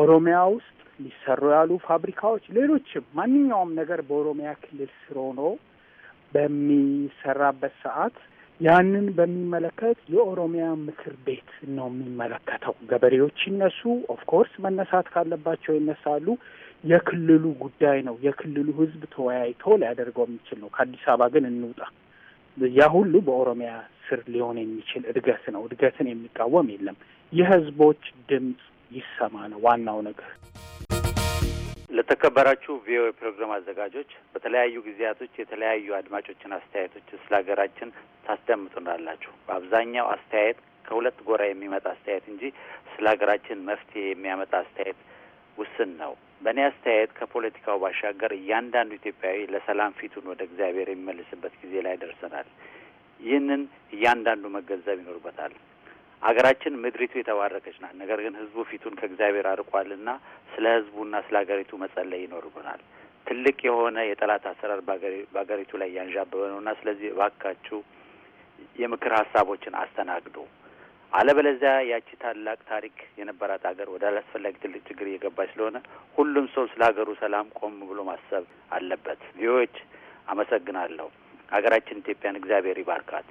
ኦሮሚያ ውስጥ ሊሰሩ ያሉ ፋብሪካዎች፣ ሌሎችም ማንኛውም ነገር በኦሮሚያ ክልል ስር ሆኖ በሚሰራበት ሰዓት ያንን በሚመለከት የኦሮሚያ ምክር ቤት ነው የሚመለከተው። ገበሬዎች ይነሱ፣ ኦፍኮርስ መነሳት ካለባቸው ይነሳሉ። የክልሉ ጉዳይ ነው። የክልሉ ህዝብ ተወያይቶ ሊያደርገው የሚችል ነው። ከአዲስ አበባ ግን እንውጣ። ያ ሁሉ በኦሮሚያ ስር ሊሆን የሚችል እድገት ነው። እድገትን የሚቃወም የለም። የህዝቦች ድምፅ ይሰማ ነው ዋናው ነገር። ለተከበራችሁ ቪኦኤ ፕሮግራም አዘጋጆች በተለያዩ ጊዜያቶች የተለያዩ አድማጮችን አስተያየቶች ስለ ሀገራችን ታስደምጡናላችሁ። በአብዛኛው አስተያየት ከሁለት ጎራ የሚመጣ አስተያየት እንጂ ስለ ሀገራችን መፍትሄ የሚያመጣ አስተያየት ውስን ነው። በእኔ አስተያየት ከፖለቲካው ባሻገር እያንዳንዱ ኢትዮጵያዊ ለሰላም ፊቱን ወደ እግዚአብሔር የሚመልስበት ጊዜ ላይ ደርሰናል። ይህንን እያንዳንዱ መገንዘብ ይኖርበታል። አገራችን ምድሪቱ የተባረከች ናት። ነገር ግን ህዝቡ ፊቱን ከእግዚአብሔር አርቋልና ስለ ህዝቡና ስለ ሀገሪቱ መጸለይ ይኖርብናል። ትልቅ የሆነ የጠላት አሰራር በሀገሪቱ ላይ እያንዣበበ ነውና ስለዚህ እባካችሁ የምክር ሀሳቦችን አስተናግዱ። አለበለዚያ ያቺ ታላቅ ታሪክ የነበራት ሀገር ወደ አላስፈላጊ ትልቅ ችግር እየገባች ስለሆነ ሁሉም ሰው ስለ ሀገሩ ሰላም ቆም ብሎ ማሰብ አለበት። ቪዎች አመሰግናለሁ። ሀገራችን ኢትዮጵያን እግዚአብሔር ይባርካት።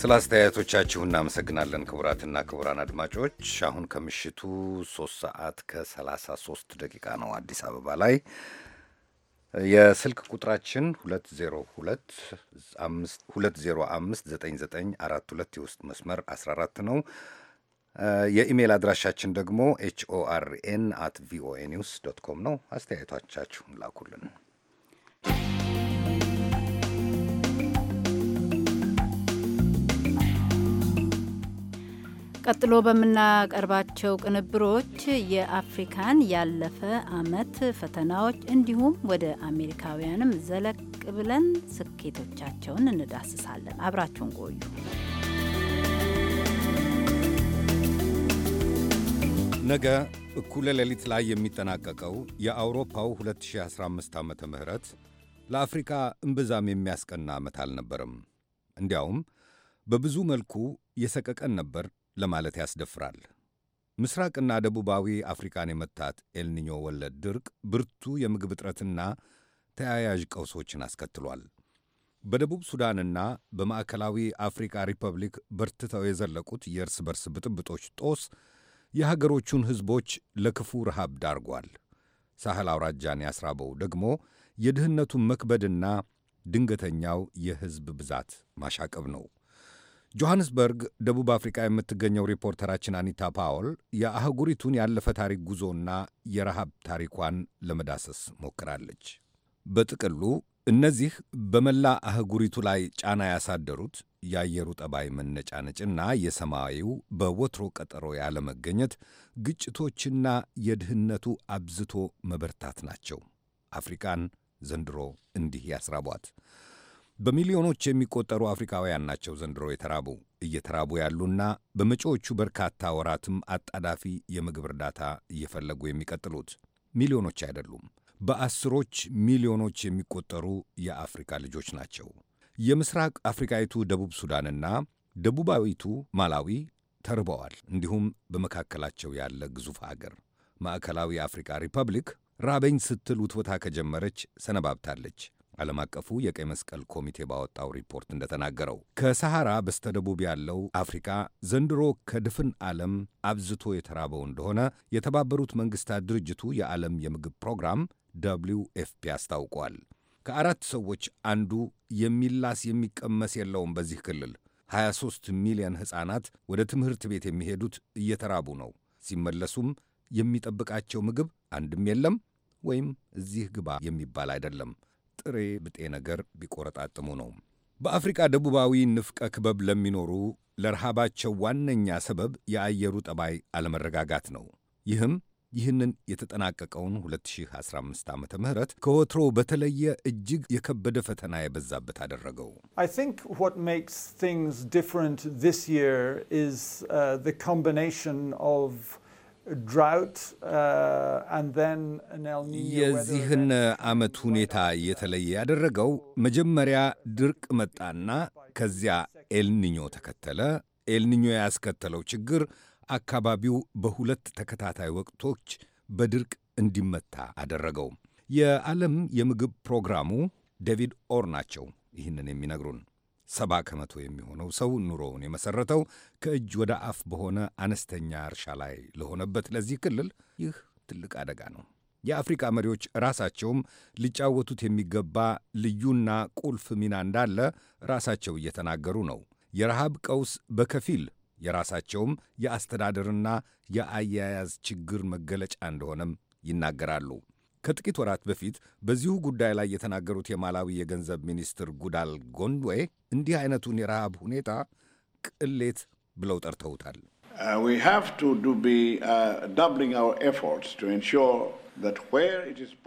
ስለ አስተያየቶቻችሁ እናመሰግናለን። ክቡራትና ክቡራን አድማጮች አሁን ከምሽቱ 3 ሰዓት ከ33 ደቂቃ ነው አዲስ አበባ ላይ። የስልክ ቁጥራችን 2022059942 የውስጥ መስመር 14 ነው። የኢሜይል አድራሻችን ደግሞ ኤችኦአርኤን አት ቪኦኤ ኒውስ ዶት ኮም ነው። አስተያየቶቻችሁን ላኩልን። ቀጥሎ በምናቀርባቸው ቅንብሮች የአፍሪካን ያለፈ ዓመት ፈተናዎች እንዲሁም ወደ አሜሪካውያንም ዘለቅ ብለን ስኬቶቻቸውን እንዳስሳለን። አብራችሁን ቆዩ። ነገ እኩለ ሌሊት ላይ የሚጠናቀቀው የአውሮፓው 2015 ዓመተ ምህረት ለአፍሪካ እምብዛም የሚያስቀና ዓመት አልነበርም። እንዲያውም በብዙ መልኩ የሰቀቀን ነበር ለማለት ያስደፍራል። ምስራቅና ደቡባዊ አፍሪካን የመታት ኤልኒኞ ወለድ ድርቅ ብርቱ የምግብ እጥረትና ተያያዥ ቀውሶችን አስከትሏል። በደቡብ ሱዳንና በማዕከላዊ አፍሪካ ሪፐብሊክ በርትተው የዘለቁት የእርስ በርስ ብጥብጦች ጦስ የሀገሮቹን ሕዝቦች ለክፉ ረሃብ ዳርጓል። ሳህል አውራጃን ያስራበው ደግሞ የድህነቱ መክበድና ድንገተኛው የሕዝብ ብዛት ማሻቀብ ነው። ጆሐንስበርግ ደቡብ አፍሪካ የምትገኘው ሪፖርተራችን አኒታ ፓውል የአህጉሪቱን ያለፈ ታሪክ ጉዞና የረሃብ ታሪኳን ለመዳሰስ ሞክራለች። በጥቅሉ እነዚህ በመላ አህጉሪቱ ላይ ጫና ያሳደሩት የአየሩ ጠባይ መነጫነጭና የሰማዩ በወትሮ ቀጠሮ ያለመገኘት ግጭቶችና የድህነቱ አብዝቶ መበርታት ናቸው። አፍሪካን ዘንድሮ እንዲህ ያስራቧት። በሚሊዮኖች የሚቆጠሩ አፍሪካውያን ናቸው ዘንድሮ የተራቡ እየተራቡ ያሉና በመጪዎቹ በርካታ ወራትም አጣዳፊ የምግብ እርዳታ እየፈለጉ የሚቀጥሉት ሚሊዮኖች አይደሉም፣ በአስሮች ሚሊዮኖች የሚቆጠሩ የአፍሪካ ልጆች ናቸው። የምስራቅ አፍሪካዊቱ ደቡብ ሱዳንና ደቡባዊቱ ማላዊ ተርበዋል። እንዲሁም በመካከላቸው ያለ ግዙፍ አገር ማዕከላዊ አፍሪካ ሪፐብሊክ ራበኝ ስትል ውትወታ ከጀመረች ሰነባብታለች። ዓለም አቀፉ የቀይ መስቀል ኮሚቴ ባወጣው ሪፖርት እንደተናገረው ከሰሃራ በስተደቡብ ያለው አፍሪካ ዘንድሮ ከድፍን ዓለም አብዝቶ የተራበው እንደሆነ የተባበሩት መንግስታት ድርጅቱ የዓለም የምግብ ፕሮግራም ደብሊው ኤፍፒ አስታውቋል። ከአራት ሰዎች አንዱ የሚላስ የሚቀመስ የለውም። በዚህ ክልል 23 ሚሊዮን ሕፃናት ወደ ትምህርት ቤት የሚሄዱት እየተራቡ ነው። ሲመለሱም የሚጠብቃቸው ምግብ አንድም የለም ወይም እዚህ ግባ የሚባል አይደለም። ጥሬ ብጤ ነገር ቢቆረጣጥሙ ነው። በአፍሪቃ ደቡባዊ ንፍቀ ክበብ ለሚኖሩ ለረሃባቸው ዋነኛ ሰበብ የአየሩ ጠባይ አለመረጋጋት ነው። ይህም ይህንን የተጠናቀቀውን 2015 ዓ ም ከወትሮ በተለየ እጅግ የከበደ ፈተና የበዛበት አደረገው። ስ Uh, የዚህን ዓመት ሁኔታ የተለየ ያደረገው መጀመሪያ ድርቅ መጣና ከዚያ ኤልኒኞ ተከተለ። ኤልኒኞ ያስከተለው ችግር አካባቢው በሁለት ተከታታይ ወቅቶች በድርቅ እንዲመታ አደረገው። የዓለም የምግብ ፕሮግራሙ ዴቪድ ኦር ናቸው ይህንን የሚነግሩን። ሰባ ከመቶ የሚሆነው ሰው ኑሮውን የመሰረተው ከእጅ ወደ አፍ በሆነ አነስተኛ እርሻ ላይ ለሆነበት ለዚህ ክልል ይህ ትልቅ አደጋ ነው። የአፍሪካ መሪዎች ራሳቸውም ሊጫወቱት የሚገባ ልዩና ቁልፍ ሚና እንዳለ ራሳቸው እየተናገሩ ነው። የረሃብ ቀውስ በከፊል የራሳቸውም የአስተዳደርና የአያያዝ ችግር መገለጫ እንደሆነም ይናገራሉ። ከጥቂት ወራት በፊት በዚሁ ጉዳይ ላይ የተናገሩት የማላዊ የገንዘብ ሚኒስትር ጉዳል ጎንድዌ እንዲህ አይነቱን የረሃብ ሁኔታ ቅሌት ብለው ጠርተውታል። uh,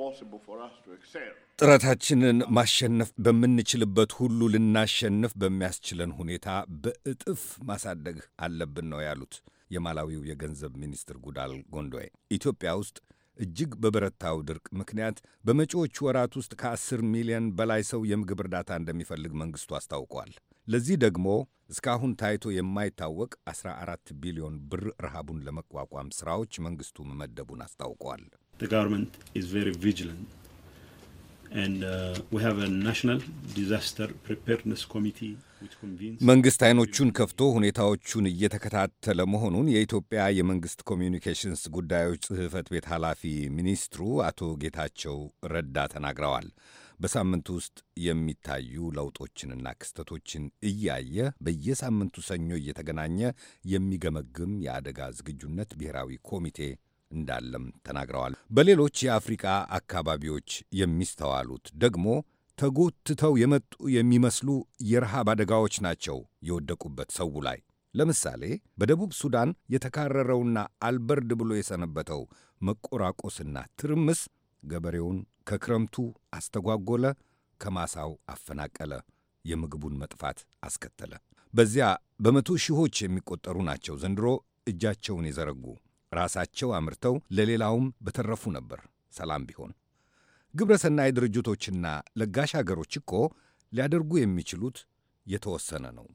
uh, ጥረታችንን ማሸነፍ በምንችልበት ሁሉ ልናሸንፍ በሚያስችለን ሁኔታ በእጥፍ ማሳደግ አለብን ነው ያሉት የማላዊው የገንዘብ ሚኒስትር ጉዳል ጎንዶዌ። ኢትዮጵያ ውስጥ እጅግ በበረታው ድርቅ ምክንያት በመጪዎቹ ወራት ውስጥ ከ10 ሚሊዮን በላይ ሰው የምግብ እርዳታ እንደሚፈልግ መንግሥቱ አስታውቋል። ለዚህ ደግሞ እስካሁን ታይቶ የማይታወቅ 14 ቢሊዮን ብር ረሃቡን ለመቋቋም ሥራዎች መንግሥቱ መመደቡን አስታውቋል። Uh, መንግስት አይኖቹን ከፍቶ ሁኔታዎቹን እየተከታተለ መሆኑን የኢትዮጵያ የመንግሥት ኮሚኒኬሽንስ ጉዳዮች ጽሕፈት ቤት ኃላፊ ሚኒስትሩ አቶ ጌታቸው ረዳ ተናግረዋል። በሳምንቱ ውስጥ የሚታዩ ለውጦችንና ክስተቶችን እያየ በየሳምንቱ ሰኞ እየተገናኘ የሚገመግም የአደጋ ዝግጁነት ብሔራዊ ኮሚቴ እንዳለም ተናግረዋል። በሌሎች የአፍሪቃ አካባቢዎች የሚስተዋሉት ደግሞ ተጎትተው የመጡ የሚመስሉ የረሃብ አደጋዎች ናቸው የወደቁበት ሰው ላይ። ለምሳሌ በደቡብ ሱዳን የተካረረውና አልበርድ ብሎ የሰነበተው መቆራቆስና ትርምስ ገበሬውን ከክረምቱ አስተጓጎለ፣ ከማሳው አፈናቀለ፣ የምግቡን መጥፋት አስከተለ። በዚያ በመቶ ሺዎች የሚቆጠሩ ናቸው ዘንድሮ እጃቸውን የዘረጉ ራሳቸው አምርተው ለሌላውም በተረፉ ነበር። ሰላም ቢሆን ግብረ ሰናይ ድርጅቶችና ለጋሽ አገሮች እኮ ሊያደርጉ የሚችሉት የተወሰነ ነው።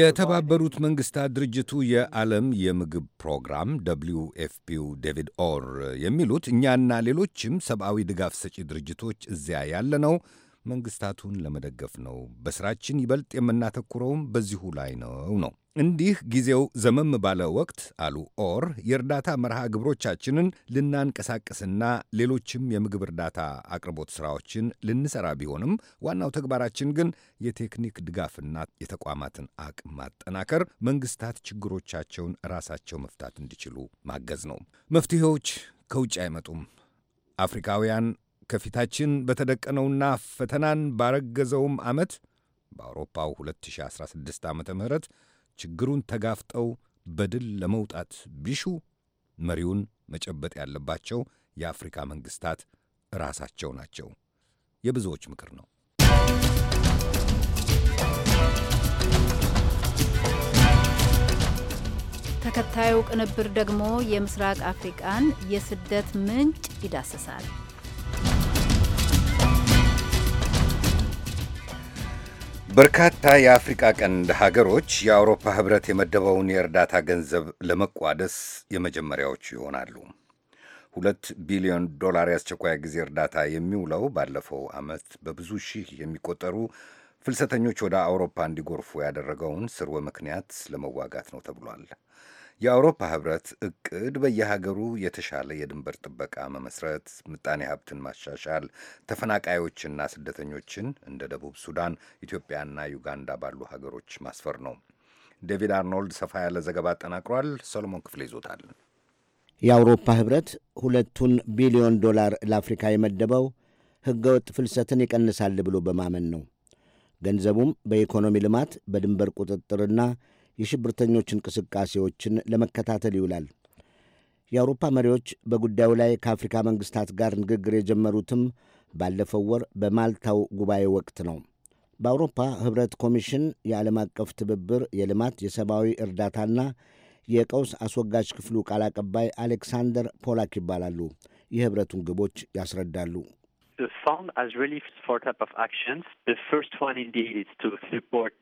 የተባበሩት መንግስታት ድርጅቱ የዓለም የምግብ ፕሮግራም ደብልዩ ኤፍ ፒው ዴቪድ ኦር የሚሉት እኛና ሌሎችም ሰብአዊ ድጋፍ ሰጪ ድርጅቶች እዚያ ያለነው መንግስታቱን ለመደገፍ ነው። በስራችን ይበልጥ የምናተኩረውም በዚሁ ላይ ነው ነው እንዲህ ጊዜው ዘመም ባለ ወቅት አሉ ኦር የእርዳታ መርሃ ግብሮቻችንን ልናንቀሳቀስና ሌሎችም የምግብ እርዳታ አቅርቦት ስራዎችን ልንሰራ ቢሆንም ዋናው ተግባራችን ግን የቴክኒክ ድጋፍና የተቋማትን አቅም ማጠናከር፣ መንግስታት ችግሮቻቸውን ራሳቸው መፍታት እንዲችሉ ማገዝ ነው። መፍትሄዎች ከውጭ አይመጡም። አፍሪካውያን ከፊታችን በተደቀነውና ፈተናን ባረገዘውም ዓመት በአውሮፓው 2016 ዓ ም ችግሩን ተጋፍጠው በድል ለመውጣት ቢሹ መሪውን መጨበጥ ያለባቸው የአፍሪካ መንግሥታት ራሳቸው ናቸው። የብዙዎች ምክር ነው። ተከታዩ ቅንብር ደግሞ የምስራቅ አፍሪቃን የስደት ምንጭ ይዳስሳል። በርካታ የአፍሪቃ ቀንድ ሀገሮች የአውሮፓ ህብረት የመደበውን የእርዳታ ገንዘብ ለመቋደስ የመጀመሪያዎቹ ይሆናሉ። ሁለት ቢሊዮን ዶላር የአስቸኳይ ጊዜ እርዳታ የሚውለው ባለፈው ዓመት በብዙ ሺህ የሚቆጠሩ ፍልሰተኞች ወደ አውሮፓ እንዲጎርፉ ያደረገውን ስርወ ምክንያት ለመዋጋት ነው ተብሏል። የአውሮፓ ህብረት እቅድ በየሀገሩ የተሻለ የድንበር ጥበቃ መመስረት፣ ምጣኔ ሀብትን ማሻሻል፣ ተፈናቃዮችና ስደተኞችን እንደ ደቡብ ሱዳን፣ ኢትዮጵያና ዩጋንዳ ባሉ ሀገሮች ማስፈር ነው። ዴቪድ አርኖልድ ሰፋ ያለ ዘገባ አጠናቅሯል። ሰሎሞን ክፍሌ ይዞታል። የአውሮፓ ህብረት ሁለቱን ቢሊዮን ዶላር ለአፍሪካ የመደበው ህገወጥ ፍልሰትን ይቀንሳል ብሎ በማመን ነው። ገንዘቡም በኢኮኖሚ ልማት፣ በድንበር ቁጥጥርና የሽብርተኞች እንቅስቃሴዎችን ለመከታተል ይውላል። የአውሮፓ መሪዎች በጉዳዩ ላይ ከአፍሪካ መንግሥታት ጋር ንግግር የጀመሩትም ባለፈው ወር በማልታው ጉባኤ ወቅት ነው። በአውሮፓ ኅብረት ኮሚሽን የዓለም አቀፍ ትብብር የልማት የሰብአዊ እርዳታና የቀውስ አስወጋጅ ክፍሉ ቃል አቀባይ አሌክሳንደር ፖላክ ይባላሉ። የኅብረቱን ግቦች ያስረዳሉ። The fund has really four types of actions. The first one, indeed, is to support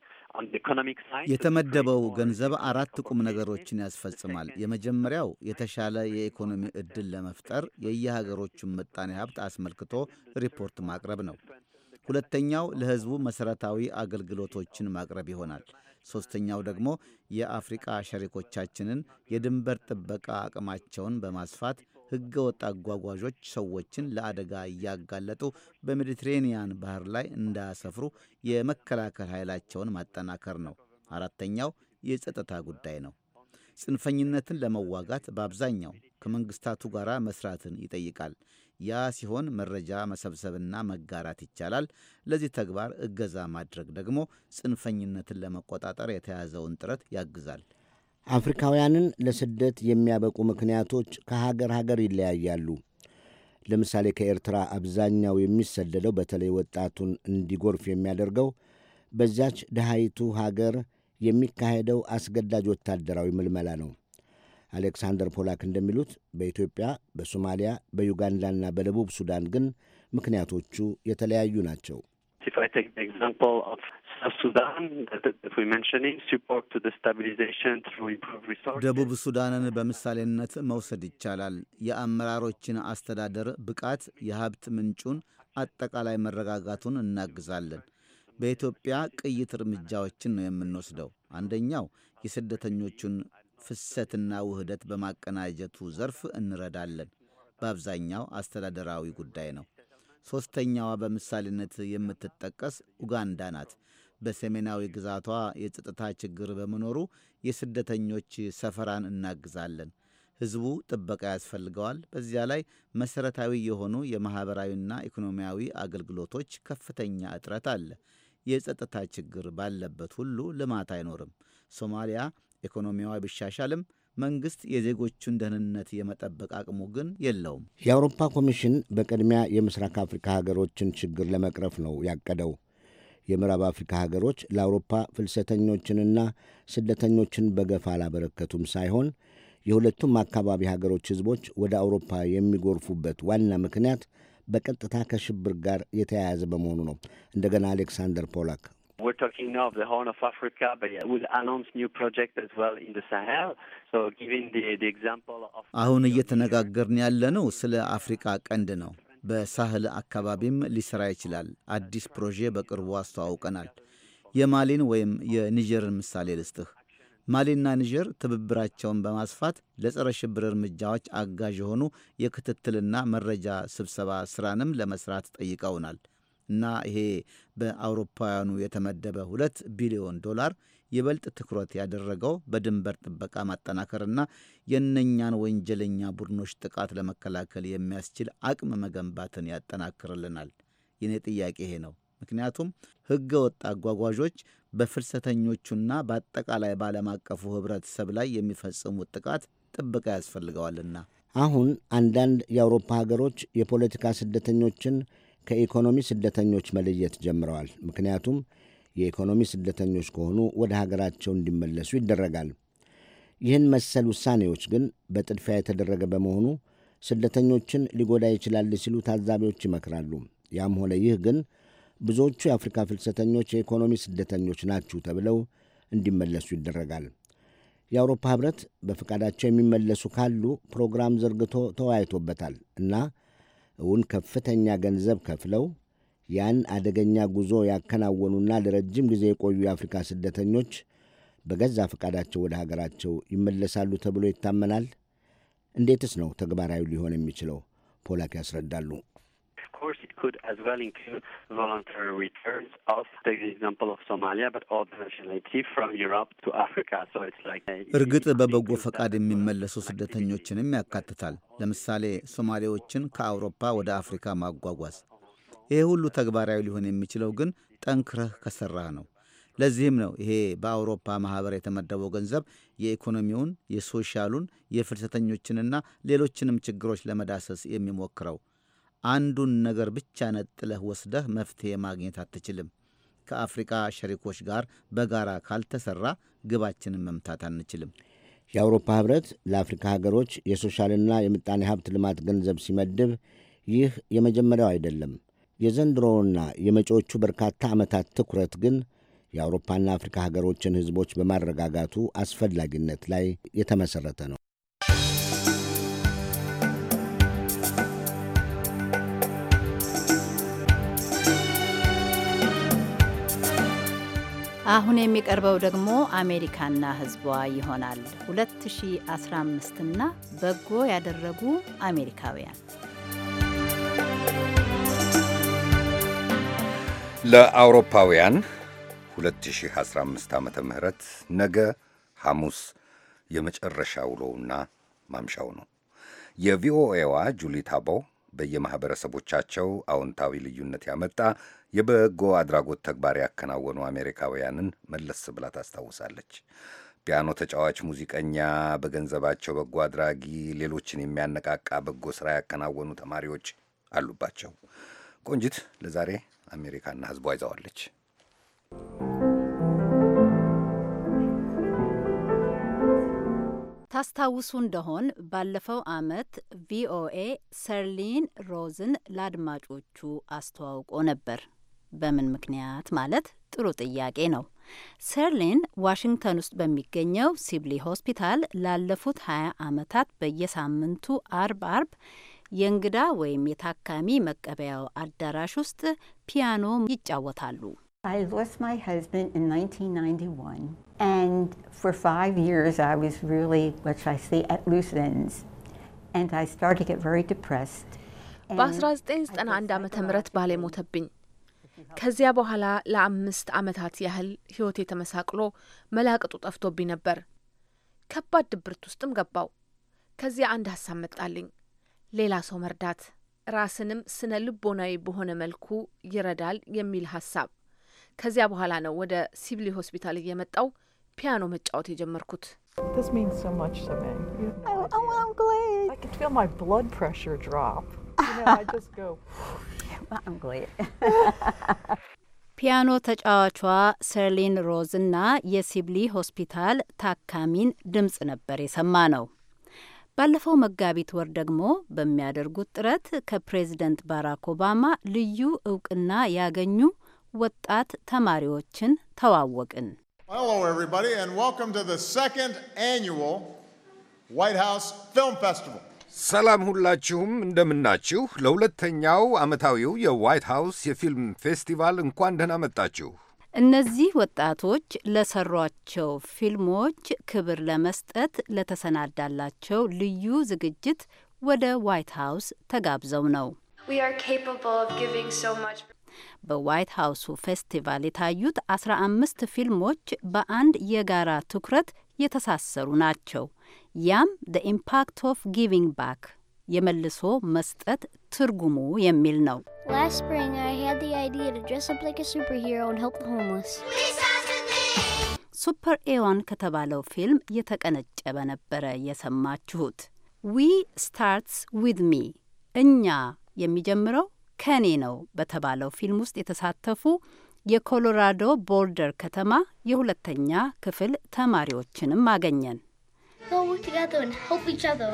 የተመደበው ገንዘብ አራት ቁም ነገሮችን ያስፈጽማል። የመጀመሪያው የተሻለ የኢኮኖሚ እድል ለመፍጠር የየሀገሮቹን ምጣኔ ሀብት አስመልክቶ ሪፖርት ማቅረብ ነው። ሁለተኛው ለሕዝቡ መሠረታዊ አገልግሎቶችን ማቅረብ ይሆናል። ሦስተኛው ደግሞ የአፍሪቃ ሸሪኮቻችንን የድንበር ጥበቃ አቅማቸውን በማስፋት ህገወጥ አጓጓዦች ሰዎችን ለአደጋ እያጋለጡ በሜዲትሬንያን ባህር ላይ እንዳያሰፍሩ የመከላከል ኃይላቸውን ማጠናከር ነው። አራተኛው የጸጥታ ጉዳይ ነው። ጽንፈኝነትን ለመዋጋት በአብዛኛው ከመንግስታቱ ጋር መስራትን ይጠይቃል። ያ ሲሆን መረጃ መሰብሰብና መጋራት ይቻላል። ለዚህ ተግባር እገዛ ማድረግ ደግሞ ጽንፈኝነትን ለመቆጣጠር የተያዘውን ጥረት ያግዛል። አፍሪካውያንን ለስደት የሚያበቁ ምክንያቶች ከሀገር ሀገር ይለያያሉ። ለምሳሌ ከኤርትራ አብዛኛው የሚሰደደው በተለይ ወጣቱን እንዲጎርፍ የሚያደርገው በዚያች ድሃይቱ ሀገር የሚካሄደው አስገዳጅ ወታደራዊ ምልመላ ነው። አሌክሳንደር ፖላክ እንደሚሉት በኢትዮጵያ፣ በሶማሊያ፣ በዩጋንዳና በደቡብ ሱዳን ግን ምክንያቶቹ የተለያዩ ናቸው። ደቡብ ሱዳንን በምሳሌነት መውሰድ ይቻላል። የአመራሮችን አስተዳደር ብቃት፣ የሀብት ምንጩን፣ አጠቃላይ መረጋጋቱን እናግዛለን። በኢትዮጵያ ቅይት እርምጃዎችን ነው የምንወስደው። አንደኛው የስደተኞቹን ፍሰትና ውህደት በማቀናጀቱ ዘርፍ እንረዳለን። በአብዛኛው አስተዳደራዊ ጉዳይ ነው። ሦስተኛዋ በምሳሌነት የምትጠቀስ ኡጋንዳ ናት። በሰሜናዊ ግዛቷ የጸጥታ ችግር በመኖሩ የስደተኞች ሰፈራን እናግዛለን። ሕዝቡ ጥበቃ ያስፈልገዋል። በዚያ ላይ መሠረታዊ የሆኑ የማኅበራዊና ኢኮኖሚያዊ አገልግሎቶች ከፍተኛ እጥረት አለ። የጸጥታ ችግር ባለበት ሁሉ ልማት አይኖርም። ሶማሊያ ኢኮኖሚዋ ቢሻሻልም መንግስት የዜጎቹን ደህንነት የመጠበቅ አቅሙ ግን የለውም። የአውሮፓ ኮሚሽን በቅድሚያ የምስራቅ አፍሪካ ሀገሮችን ችግር ለመቅረፍ ነው ያቀደው። የምዕራብ አፍሪካ ሀገሮች ለአውሮፓ ፍልሰተኞችንና ስደተኞችን በገፋ አላበረከቱም ሳይሆን የሁለቱም አካባቢ ሀገሮች ሕዝቦች ወደ አውሮፓ የሚጎርፉበት ዋና ምክንያት በቀጥታ ከሽብር ጋር የተያያዘ በመሆኑ ነው። እንደገና አሌክሳንደር ፖላክ አሁን እየተነጋገርን ያለነው ስለ አፍሪካ ቀንድ ነው። በሳህል አካባቢም ሊሰራ ይችላል። አዲስ ፕሮጄ በቅርቡ አስተዋውቀናል። የማሊን ወይም የኒጀርን ምሳሌ ልስጥህ። ማሊና ኒጀር ትብብራቸውን በማስፋት ለጸረ ሽብር እርምጃዎች አጋዥ የሆኑ የክትትልና መረጃ ስብሰባ ስራንም ለመስራት ጠይቀውናል እና ይሄ በአውሮፓውያኑ የተመደበ ሁለት ቢሊዮን ዶላር ይበልጥ ትኩረት ያደረገው በድንበር ጥበቃ ማጠናከርና የእነኛን ወንጀለኛ ቡድኖች ጥቃት ለመከላከል የሚያስችል አቅም መገንባትን ያጠናክርልናል። የኔ ጥያቄ ይሄ ነው። ምክንያቱም ሕገ ወጥ አጓጓዦች በፍልሰተኞቹና በአጠቃላይ በዓለም አቀፉ ህብረተሰብ ላይ የሚፈጽሙት ጥቃት ጥበቃ ያስፈልገዋልና። አሁን አንዳንድ የአውሮፓ ሀገሮች የፖለቲካ ስደተኞችን ከኢኮኖሚ ስደተኞች መለየት ጀምረዋል። ምክንያቱም የኢኮኖሚ ስደተኞች ከሆኑ ወደ ሀገራቸው እንዲመለሱ ይደረጋል። ይህን መሰል ውሳኔዎች ግን በጥድፊያ የተደረገ በመሆኑ ስደተኞችን ሊጎዳ ይችላል ሲሉ ታዛቢዎች ይመክራሉ። ያም ሆነ ይህ ግን ብዙዎቹ የአፍሪካ ፍልሰተኞች የኢኮኖሚ ስደተኞች ናችሁ ተብለው እንዲመለሱ ይደረጋል። የአውሮፓ ሕብረት በፈቃዳቸው የሚመለሱ ካሉ ፕሮግራም ዘርግቶ ተወያይቶበታል እና እውን ከፍተኛ ገንዘብ ከፍለው ያን አደገኛ ጉዞ ያከናወኑና ለረጅም ጊዜ የቆዩ የአፍሪካ ስደተኞች በገዛ ፈቃዳቸው ወደ ሀገራቸው ይመለሳሉ ተብሎ ይታመናል። እንዴትስ ነው ተግባራዊ ሊሆን የሚችለው? ፖላክ ያስረዳሉ። እርግጥ በበጎ ፈቃድ የሚመለሱ ስደተኞችንም ያካትታል። ለምሳሌ ሶማሌዎችን ከአውሮፓ ወደ አፍሪካ ማጓጓዝ ይሄ ሁሉ ተግባራዊ ሊሆን የሚችለው ግን ጠንክረህ ከሰራህ ነው። ለዚህም ነው ይሄ በአውሮፓ ማህበር የተመደበው ገንዘብ የኢኮኖሚውን፣ የሶሻሉን፣ የፍልሰተኞችንና ሌሎችንም ችግሮች ለመዳሰስ የሚሞክረው። አንዱን ነገር ብቻ ነጥለህ ወስደህ መፍትሄ ማግኘት አትችልም። ከአፍሪቃ ሸሪኮች ጋር በጋራ ካልተሰራ ግባችንን መምታት አንችልም። የአውሮፓ ህብረት ለአፍሪካ ሀገሮች የሶሻልና የምጣኔ ሀብት ልማት ገንዘብ ሲመድብ ይህ የመጀመሪያው አይደለም። የዘንድሮውና የመጪዎቹ በርካታ ዓመታት ትኩረት ግን የአውሮፓና አፍሪካ ሀገሮችን ሕዝቦች በማረጋጋቱ አስፈላጊነት ላይ የተመሠረተ ነው። አሁን የሚቀርበው ደግሞ አሜሪካና ህዝቧ ይሆናል። 2015ና በጎ ያደረጉ አሜሪካውያን ለአውሮፓውያን 2015 ዓመተ ም ነገ ሐሙስ የመጨረሻ ውሎውና ማምሻው ነው። የቪኦኤዋ ጁሊ ታቦ በየማኅበረሰቦቻቸው አዎንታዊ ልዩነት ያመጣ የበጎ አድራጎት ተግባር ያከናወኑ አሜሪካውያንን መለስ ብላ ታስታውሳለች። ፒያኖ ተጫዋች፣ ሙዚቀኛ፣ በገንዘባቸው በጎ አድራጊ፣ ሌሎችን የሚያነቃቃ በጎ ሥራ ያከናወኑ ተማሪዎች አሉባቸው። ቆንጅት ለዛሬ አሜሪካና ህዝቧ ይዘዋለች። ታስታውሱ እንደሆን ባለፈው ዓመት ቪኦኤ ሰርሊን ሮዝን ለአድማጮቹ አስተዋውቆ ነበር። በምን ምክንያት ማለት ጥሩ ጥያቄ ነው። ሰርሊን ዋሽንግተን ውስጥ በሚገኘው ሲብሊ ሆስፒታል ላለፉት 20 ዓመታት በየሳምንቱ አርብ አርብ የእንግዳ ወይም የታካሚ መቀበያው አዳራሽ ውስጥ ፒያኖ ይጫወታሉ። በ1991 ዓ ም ባል ሞተብኝ። ከዚያ በኋላ ለአምስት ዓመታት ያህል ሕይወቴ ተመሳቅሎ መላቅጡ ጠፍቶብኝ ነበር። ከባድ ድብርት ውስጥም ገባው። ከዚያ አንድ ሀሳብ መጣልኝ። ሌላ ሰው መርዳት ራስንም ስነ ልቦናዊ በሆነ መልኩ ይረዳል የሚል ሀሳብ። ከዚያ በኋላ ነው ወደ ሲብሊ ሆስፒታል እየመጣው ፒያኖ መጫወት የጀመርኩት። oh, oh, ፒያኖ ተጫዋቿ ሰርሊን ሮዝ እና የሲብሊ ሆስፒታል ታካሚን ድምጽ ነበር የሰማ ነው። ባለፈው መጋቢት ወር ደግሞ በሚያደርጉት ጥረት ከፕሬዝደንት ባራክ ኦባማ ልዩ እውቅና ያገኙ ወጣት ተማሪዎችን ተዋወቅን። ሰላም ሁላችሁም እንደምናችሁ። ለሁለተኛው ዓመታዊው የዋይት ሃውስ የፊልም ፌስቲቫል እንኳን ደህና መጣችሁ። እነዚህ ወጣቶች ለሰሯቸው ፊልሞች ክብር ለመስጠት ለተሰናዳላቸው ልዩ ዝግጅት ወደ ዋይት ሀውስ ተጋብዘው ነው። በዋይት ሀውሱ ፌስቲቫል የታዩት አስራ አምስት ፊልሞች በአንድ የጋራ ትኩረት የተሳሰሩ ናቸው። ያም ዘ ኢምፓክት ኦፍ ጊቪንግ ባክ የመልሶ መስጠት ትርጉሙ የሚል ነው። ሱፐር ኤዋን ከተባለው ፊልም የተቀነጨበ ነበረ የሰማችሁት። ዊ ስታርትስ ዊዝ ሚ እኛ የሚጀምረው ከኔ ነው በተባለው ፊልም ውስጥ የተሳተፉ የኮሎራዶ ቦርደር ከተማ የሁለተኛ ክፍል ተማሪዎችንም አገኘን። Let's all work together and help each other.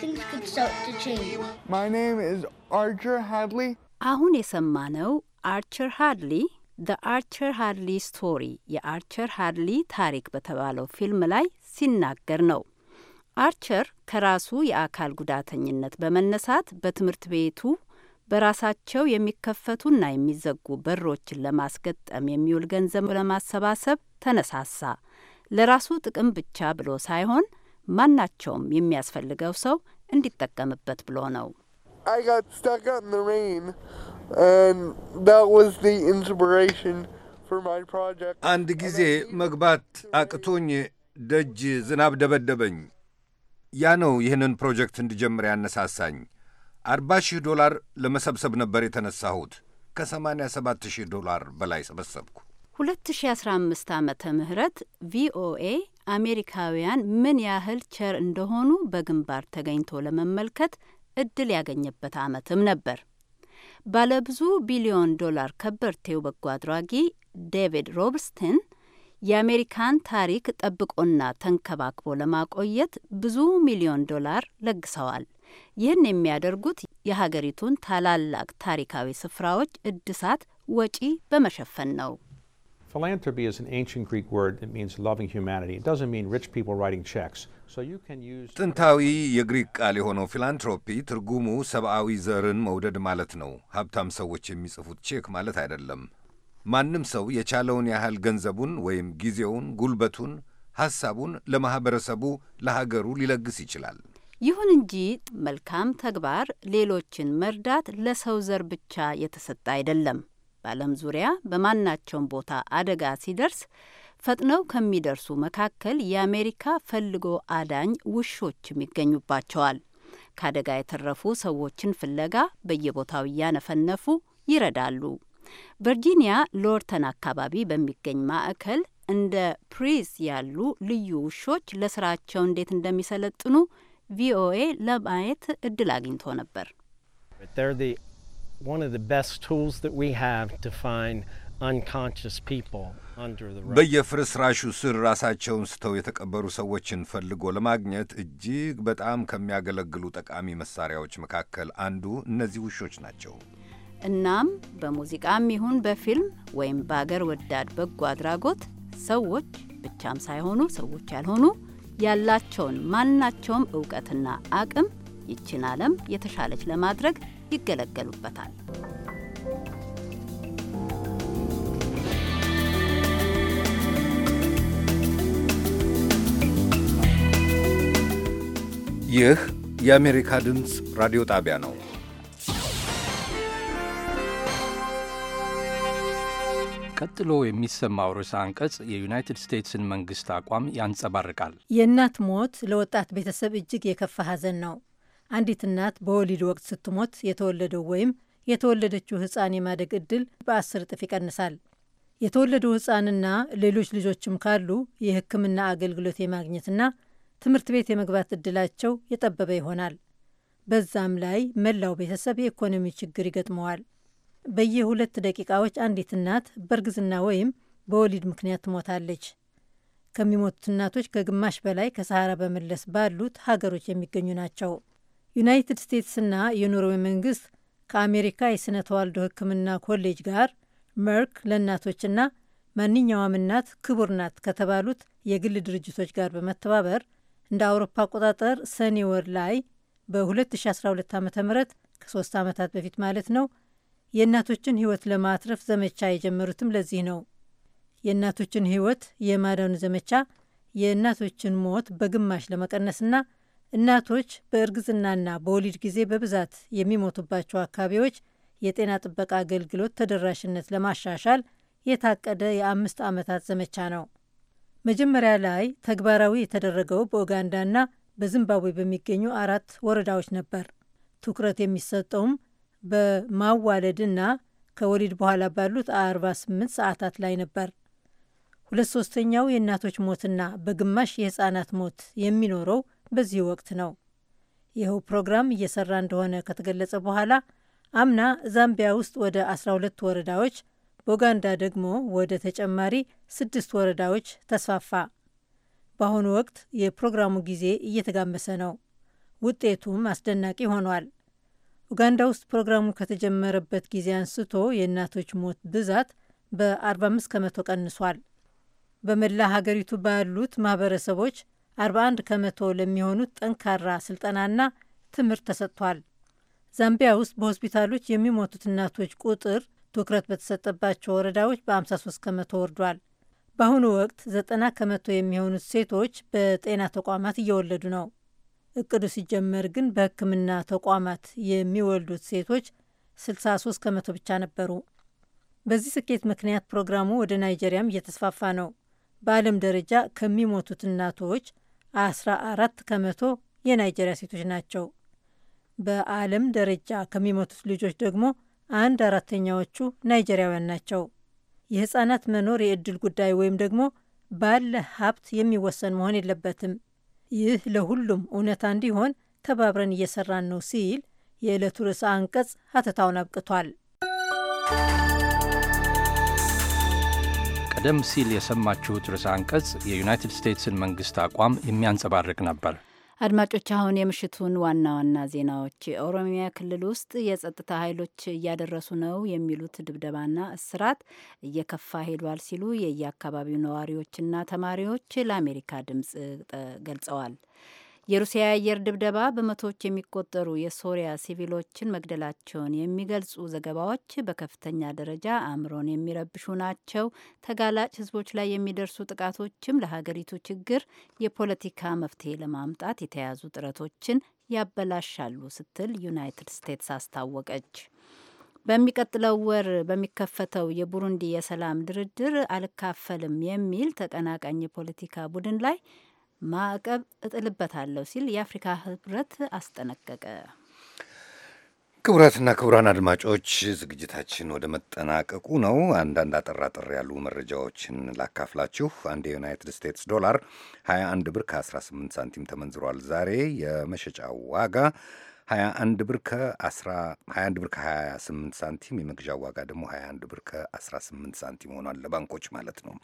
Things could start to change. My name is Archer Hadley. አሁን የሰማነው አርቸር ሃድሊ ዘ አርቸር ሃድሊ ስቶሪ የአርቸር ሃድሊ ታሪክ በተባለው ፊልም ላይ ሲናገር ነው። አርቸር ከራሱ የአካል ጉዳተኝነት በመነሳት በትምህርት ቤቱ በራሳቸው የሚከፈቱና የሚዘጉ በሮችን ለማስገጠም የሚውል ገንዘብ ለማሰባሰብ ተነሳሳ። ለራሱ ጥቅም ብቻ ብሎ ሳይሆን ማናቸውም የሚያስፈልገው ሰው እንዲጠቀምበት ብሎ ነው። አንድ ጊዜ መግባት አቅቶኝ ደጅ ዝናብ ደበደበኝ። ያ ነው ይህንን ፕሮጀክት እንድጀምር ያነሳሳኝ። አርባ ሺህ ዶላር ለመሰብሰብ ነበር የተነሳሁት። ከሰማንያ ሰባት ሺህ ዶላር በላይ ሰበሰብኩ። 2015 ዓመተ ምህረት ቪኦኤ አሜሪካውያን ምን ያህል ቸር እንደሆኑ በግንባር ተገኝቶ ለመመልከት እድል ያገኘበት ዓመትም ነበር። ባለብዙ ቢሊዮን ዶላር ከበርቴው በጎ አድራጊ ዴቪድ ሮብስትን የአሜሪካን ታሪክ ጠብቆና ተንከባክቦ ለማቆየት ብዙ ሚሊዮን ዶላር ለግሰዋል። ይህን የሚያደርጉት የሀገሪቱን ታላላቅ ታሪካዊ ስፍራዎች እድሳት ወጪ በመሸፈን ነው። Philanthropy is an ancient Greek word that means loving humanity. It doesn't mean rich people writing checks. So you can use ጥንታዊ የግሪክ ቃል የሆነው ፊላንትሮፒ ትርጉሙ ሰብአዊ ዘርን መውደድ ማለት ነው። ሀብታም ሰዎች የሚጽፉት ቼክ ማለት አይደለም። ማንም ሰው የቻለውን ያህል ገንዘቡን ወይም ጊዜውን፣ ጉልበቱን፣ ሐሳቡን ለማኅበረሰቡ፣ ለሀገሩ ሊለግስ ይችላል። ይሁን እንጂ መልካም ተግባር ሌሎችን መርዳት ለሰው ዘር ብቻ የተሰጠ አይደለም። በዓለም ዙሪያ በማናቸውም ቦታ አደጋ ሲደርስ ፈጥነው ከሚደርሱ መካከል የአሜሪካ ፈልጎ አዳኝ ውሾችም ይገኙባቸዋል። ከአደጋ የተረፉ ሰዎችን ፍለጋ በየቦታው እያነፈነፉ ይረዳሉ። ቨርጂኒያ ሎርተን አካባቢ በሚገኝ ማዕከል እንደ ፕሪዝ ያሉ ልዩ ውሾች ለስራቸው እንዴት እንደሚሰለጥኑ ቪኦኤ ለማየት እድል አግኝቶ ነበር። one of the best tools that we have to find unconscious people under the rug. በየፍርስራሹ ስር ራሳቸውን ስተው የተቀበሩ ሰዎችን ፈልጎ ለማግኘት እጅግ በጣም ከሚያገለግሉ ጠቃሚ መሳሪያዎች መካከል አንዱ እነዚህ ውሾች ናቸው። እናም በሙዚቃም ይሁን በፊልም ወይም በአገር ወዳድ በጎ አድራጎት ሰዎች ብቻም ሳይሆኑ ሰዎች ያልሆኑ ያላቸውን ማናቸውም እውቀትና አቅም ይችን ዓለም የተሻለች ለማድረግ ይገለገሉበታል። ይህ የአሜሪካ ድምፅ ራዲዮ ጣቢያ ነው። ቀጥሎ የሚሰማው ርዕሰ አንቀጽ የዩናይትድ ስቴትስን መንግስት አቋም ያንጸባርቃል። የእናት ሞት ለወጣት ቤተሰብ እጅግ የከፋ ሐዘን ነው። አንዲት እናት በወሊድ ወቅት ስትሞት የተወለደው ወይም የተወለደችው ሕፃን የማደግ እድል በአስር እጥፍ ይቀንሳል። የተወለደው ሕፃንና ሌሎች ልጆችም ካሉ የሕክምና አገልግሎት የማግኘትና ትምህርት ቤት የመግባት እድላቸው የጠበበ ይሆናል። በዛም ላይ መላው ቤተሰብ የኢኮኖሚ ችግር ይገጥመዋል። በየሁለት ደቂቃዎች አንዲት እናት በእርግዝና ወይም በወሊድ ምክንያት ትሞታለች። ከሚሞቱት እናቶች ከግማሽ በላይ ከሰሃራ በመለስ ባሉት ሀገሮች የሚገኙ ናቸው። ዩናይትድ ስቴትስና የኖርዌ መንግስት ከአሜሪካ የሥነ ተዋልዶ ሕክምና ኮሌጅ ጋር መርክ ለእናቶችና ማንኛውም እናት ክቡር ናት ከተባሉት የግል ድርጅቶች ጋር በመተባበር እንደ አውሮፓ አቆጣጠር ሰኔ ወር ላይ በ2012 ዓ ም ከሶስት ዓመታት በፊት ማለት ነው የእናቶችን ህይወት ለማትረፍ ዘመቻ የጀመሩትም ለዚህ ነው። የእናቶችን ህይወት የማዳኑ ዘመቻ የእናቶችን ሞት በግማሽ ለመቀነስና እናቶች በእርግዝናና በወሊድ ጊዜ በብዛት የሚሞቱባቸው አካባቢዎች የጤና ጥበቃ አገልግሎት ተደራሽነት ለማሻሻል የታቀደ የአምስት ዓመታት ዘመቻ ነው። መጀመሪያ ላይ ተግባራዊ የተደረገው በኡጋንዳና በዚምባብዌ በሚገኙ አራት ወረዳዎች ነበር። ትኩረት የሚሰጠውም በማዋለድና ከወሊድ በኋላ ባሉት 48 ሰዓታት ላይ ነበር። ሁለት ሶስተኛው የእናቶች ሞትና በግማሽ የህፃናት ሞት የሚኖረው በዚህ ወቅት ነው። ይኸው ፕሮግራም እየሰራ እንደሆነ ከተገለጸ በኋላ አምና ዛምቢያ ውስጥ ወደ 12 ወረዳዎች በኡጋንዳ ደግሞ ወደ ተጨማሪ ስድስት ወረዳዎች ተስፋፋ። በአሁኑ ወቅት የፕሮግራሙ ጊዜ እየተጋመሰ ነው። ውጤቱም አስደናቂ ሆኗል። ኡጋንዳ ውስጥ ፕሮግራሙ ከተጀመረበት ጊዜ አንስቶ የእናቶች ሞት ብዛት በ45 ከመቶ ቀንሷል። በመላ ሀገሪቱ ባሉት ማህበረሰቦች 41 ከመቶ ለሚሆኑት ጠንካራ ስልጠናና ትምህርት ተሰጥቷል። ዛምቢያ ውስጥ በሆስፒታሎች የሚሞቱት እናቶች ቁጥር ትኩረት በተሰጠባቸው ወረዳዎች በ53 ከመቶ ወርዷል። በአሁኑ ወቅት 90 ከመቶ የሚሆኑት ሴቶች በጤና ተቋማት እየወለዱ ነው። እቅዱ ሲጀመር ግን በሕክምና ተቋማት የሚወልዱት ሴቶች 63 ከመቶ ብቻ ነበሩ። በዚህ ስኬት ምክንያት ፕሮግራሙ ወደ ናይጄሪያም እየተስፋፋ ነው። በዓለም ደረጃ ከሚሞቱት እናቶች 14 ከመቶ የናይጄሪያ ሴቶች ናቸው። በዓለም ደረጃ ከሚሞቱት ልጆች ደግሞ አንድ አራተኛዎቹ ናይጄሪያውያን ናቸው። የህጻናት መኖር የእድል ጉዳይ ወይም ደግሞ ባለ ሀብት የሚወሰን መሆን የለበትም። ይህ ለሁሉም እውነታ እንዲሆን ተባብረን እየሰራን ነው ሲል የዕለቱ ርዕሰ አንቀጽ ሀተታውን አብቅቷል። ቀደም ሲል የሰማችሁት ርዕሰ አንቀጽ የዩናይትድ ስቴትስን መንግስት አቋም የሚያንጸባርቅ ነበር። አድማጮች፣ አሁን የምሽቱን ዋና ዋና ዜናዎች። የኦሮሚያ ክልል ውስጥ የጸጥታ ኃይሎች እያደረሱ ነው የሚሉት ድብደባና እስራት እየከፋ ሄዷል ሲሉ የየአካባቢው ነዋሪዎችና ተማሪዎች ለአሜሪካ ድምፅ ገልጸዋል። የሩሲያ የአየር ድብደባ በመቶዎች የሚቆጠሩ የሶሪያ ሲቪሎችን መግደላቸውን የሚገልጹ ዘገባዎች በከፍተኛ ደረጃ አእምሮን የሚረብሹ ናቸው። ተጋላጭ ህዝቦች ላይ የሚደርሱ ጥቃቶችም ለሀገሪቱ ችግር የፖለቲካ መፍትሄ ለማምጣት የተያዙ ጥረቶችን ያበላሻሉ ስትል ዩናይትድ ስቴትስ አስታወቀች። በሚቀጥለው ወር በሚከፈተው የቡሩንዲ የሰላም ድርድር አልካፈልም የሚል ተቀናቃኝ የፖለቲካ ቡድን ላይ ማዕቀብ እጥልበታለሁ ሲል የአፍሪካ ህብረት አስጠነቀቀ። ክቡራትና ክቡራን አድማጮች ዝግጅታችን ወደ መጠናቀቁ ነው። አንዳንድ አጠራጠር ያሉ መረጃዎችን ላካፍላችሁ። አንድ የዩናይትድ ስቴትስ ዶላር 21 ብር ከ18 ሳንቲም ተመንዝሯል። ዛሬ የመሸጫ ዋጋ 21 ብር ከ21 ብር ከ28 ሳንቲም የመግዣ ዋጋ ደግሞ 21 ብር ከ18 ሳንቲም ሆኗል። ለባንኮች ማለት ነው።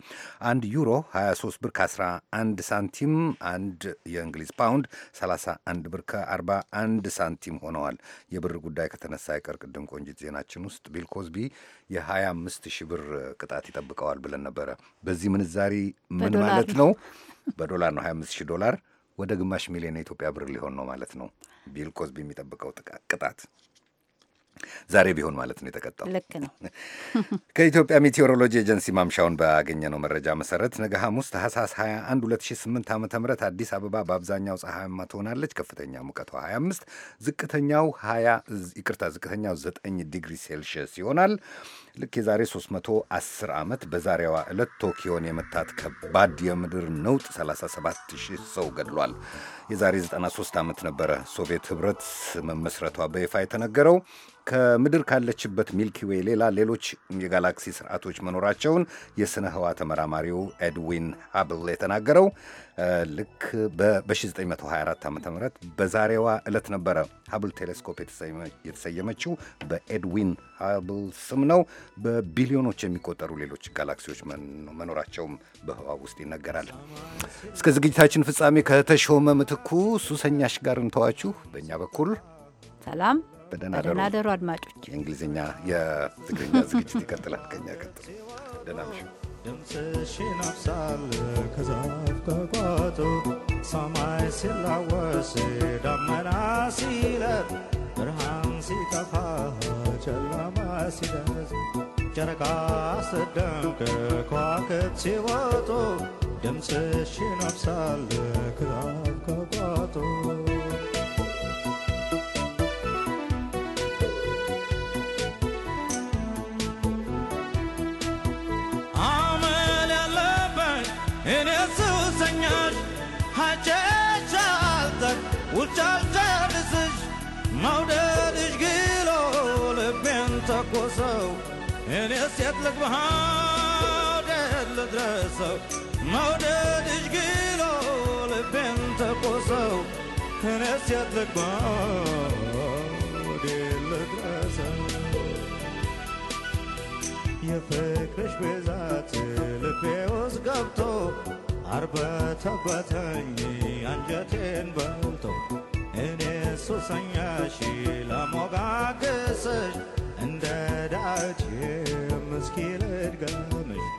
አንድ ዩሮ 23 ብር ከ11 ሳንቲም፣ አንድ የእንግሊዝ ፓውንድ 31 ብር ከ41 ሳንቲም ሆነዋል። የብር ጉዳይ ከተነሳ አይቀር ቅድም ቆንጂት ዜናችን ውስጥ ቢል ኮዝቢ የ25 ሺህ ብር ቅጣት ይጠብቀዋል ብለን ነበረ። በዚህ ምንዛሪ ምን ማለት ነው? በዶላር ነው 25 ሺህ ዶላር ወደ ግማሽ ሚሊዮን የኢትዮጵያ ብር ሊሆን ነው ማለት ነው። ቢል ኮዝቢ የሚጠብቀው ቅጣት ዛሬ ቢሆን ማለት ነው የተቀጣው። ልክ ነው። ከኢትዮጵያ ሜቴዎሮሎጂ ኤጀንሲ ማምሻውን ባገኘነው መረጃ መሰረት ነገ ሐሙስ ታህሳስ 21 2008 ዓ ም አዲስ አበባ በአብዛኛው ፀሐያማ ትሆናለች። ከፍተኛ ሙቀቷ 25፣ ዝቅተኛው 20 ይቅርታ፣ ዝቅተኛው 9 ዲግሪ ሴልሺየስ ይሆናል። ልክ የዛሬ 310 ዓመት በዛሬዋ ዕለት ቶኪዮን የመታት ከባድ የምድር ነውጥ 37000 ሰው ገድሏል። የዛሬ 93 ዓመት ነበረ ሶቪየት ህብረት መመስረቷ በይፋ የተነገረው። ከምድር ካለችበት ሚልኪዌይ ሌላ ሌሎች የጋላክሲ ስርዓቶች መኖራቸውን የስነ ህዋ ተመራማሪው ኤድዊን ሀብል የተናገረው ልክ በ1924 ዓ ም በዛሬዋ ዕለት ነበረ። ሀብል ቴሌስኮፕ የተሰየመችው በኤድዊን ሀብል ስም ነው። በቢሊዮኖች የሚቆጠሩ ሌሎች ጋላክሲዎች መኖራቸውም በህዋ ውስጥ ይነገራል። እስከ ዝግጅታችን ፍጻሜ ከተሾመ ምትኩ ሱሰኛሽ ጋር እንተዋችሁ። በእኛ በኩል ሰላም በደህና ደሩ አድማጮች። የእንግሊዝኛ የትግርኛ ዝግጅት ይቀጥላል። ከኛ ቀጥሎ ደህና ምሽት። ድምፅሽ ይነፍሳል ከዛፍ ከቋጡ ሰማይ ሲላወስ ደመና ሲለት ብርሃን ሲጠፋ ጨለማ ሲደዝ ጨረቃ ስትደምቅ ከዋክብት ሲወጡ ድምፅሽ ይነፍሳል ከዛፍ ከቋጡ እኔስ የት ልግባ ወዴት ልድረሰው መውደድሽ ግሎ ልቤን ተቆሰው እኔስ የት ልግባ ወዴት ልድረሰው የፍቅርሽ ብዛት ልቤ ውስጥ ገብቶ አርበተበተኝ አንጀቴን በልቶ እኔ ሱሰኛሽ ለሞጋገሰሽ የምስኪል እድጋምሽ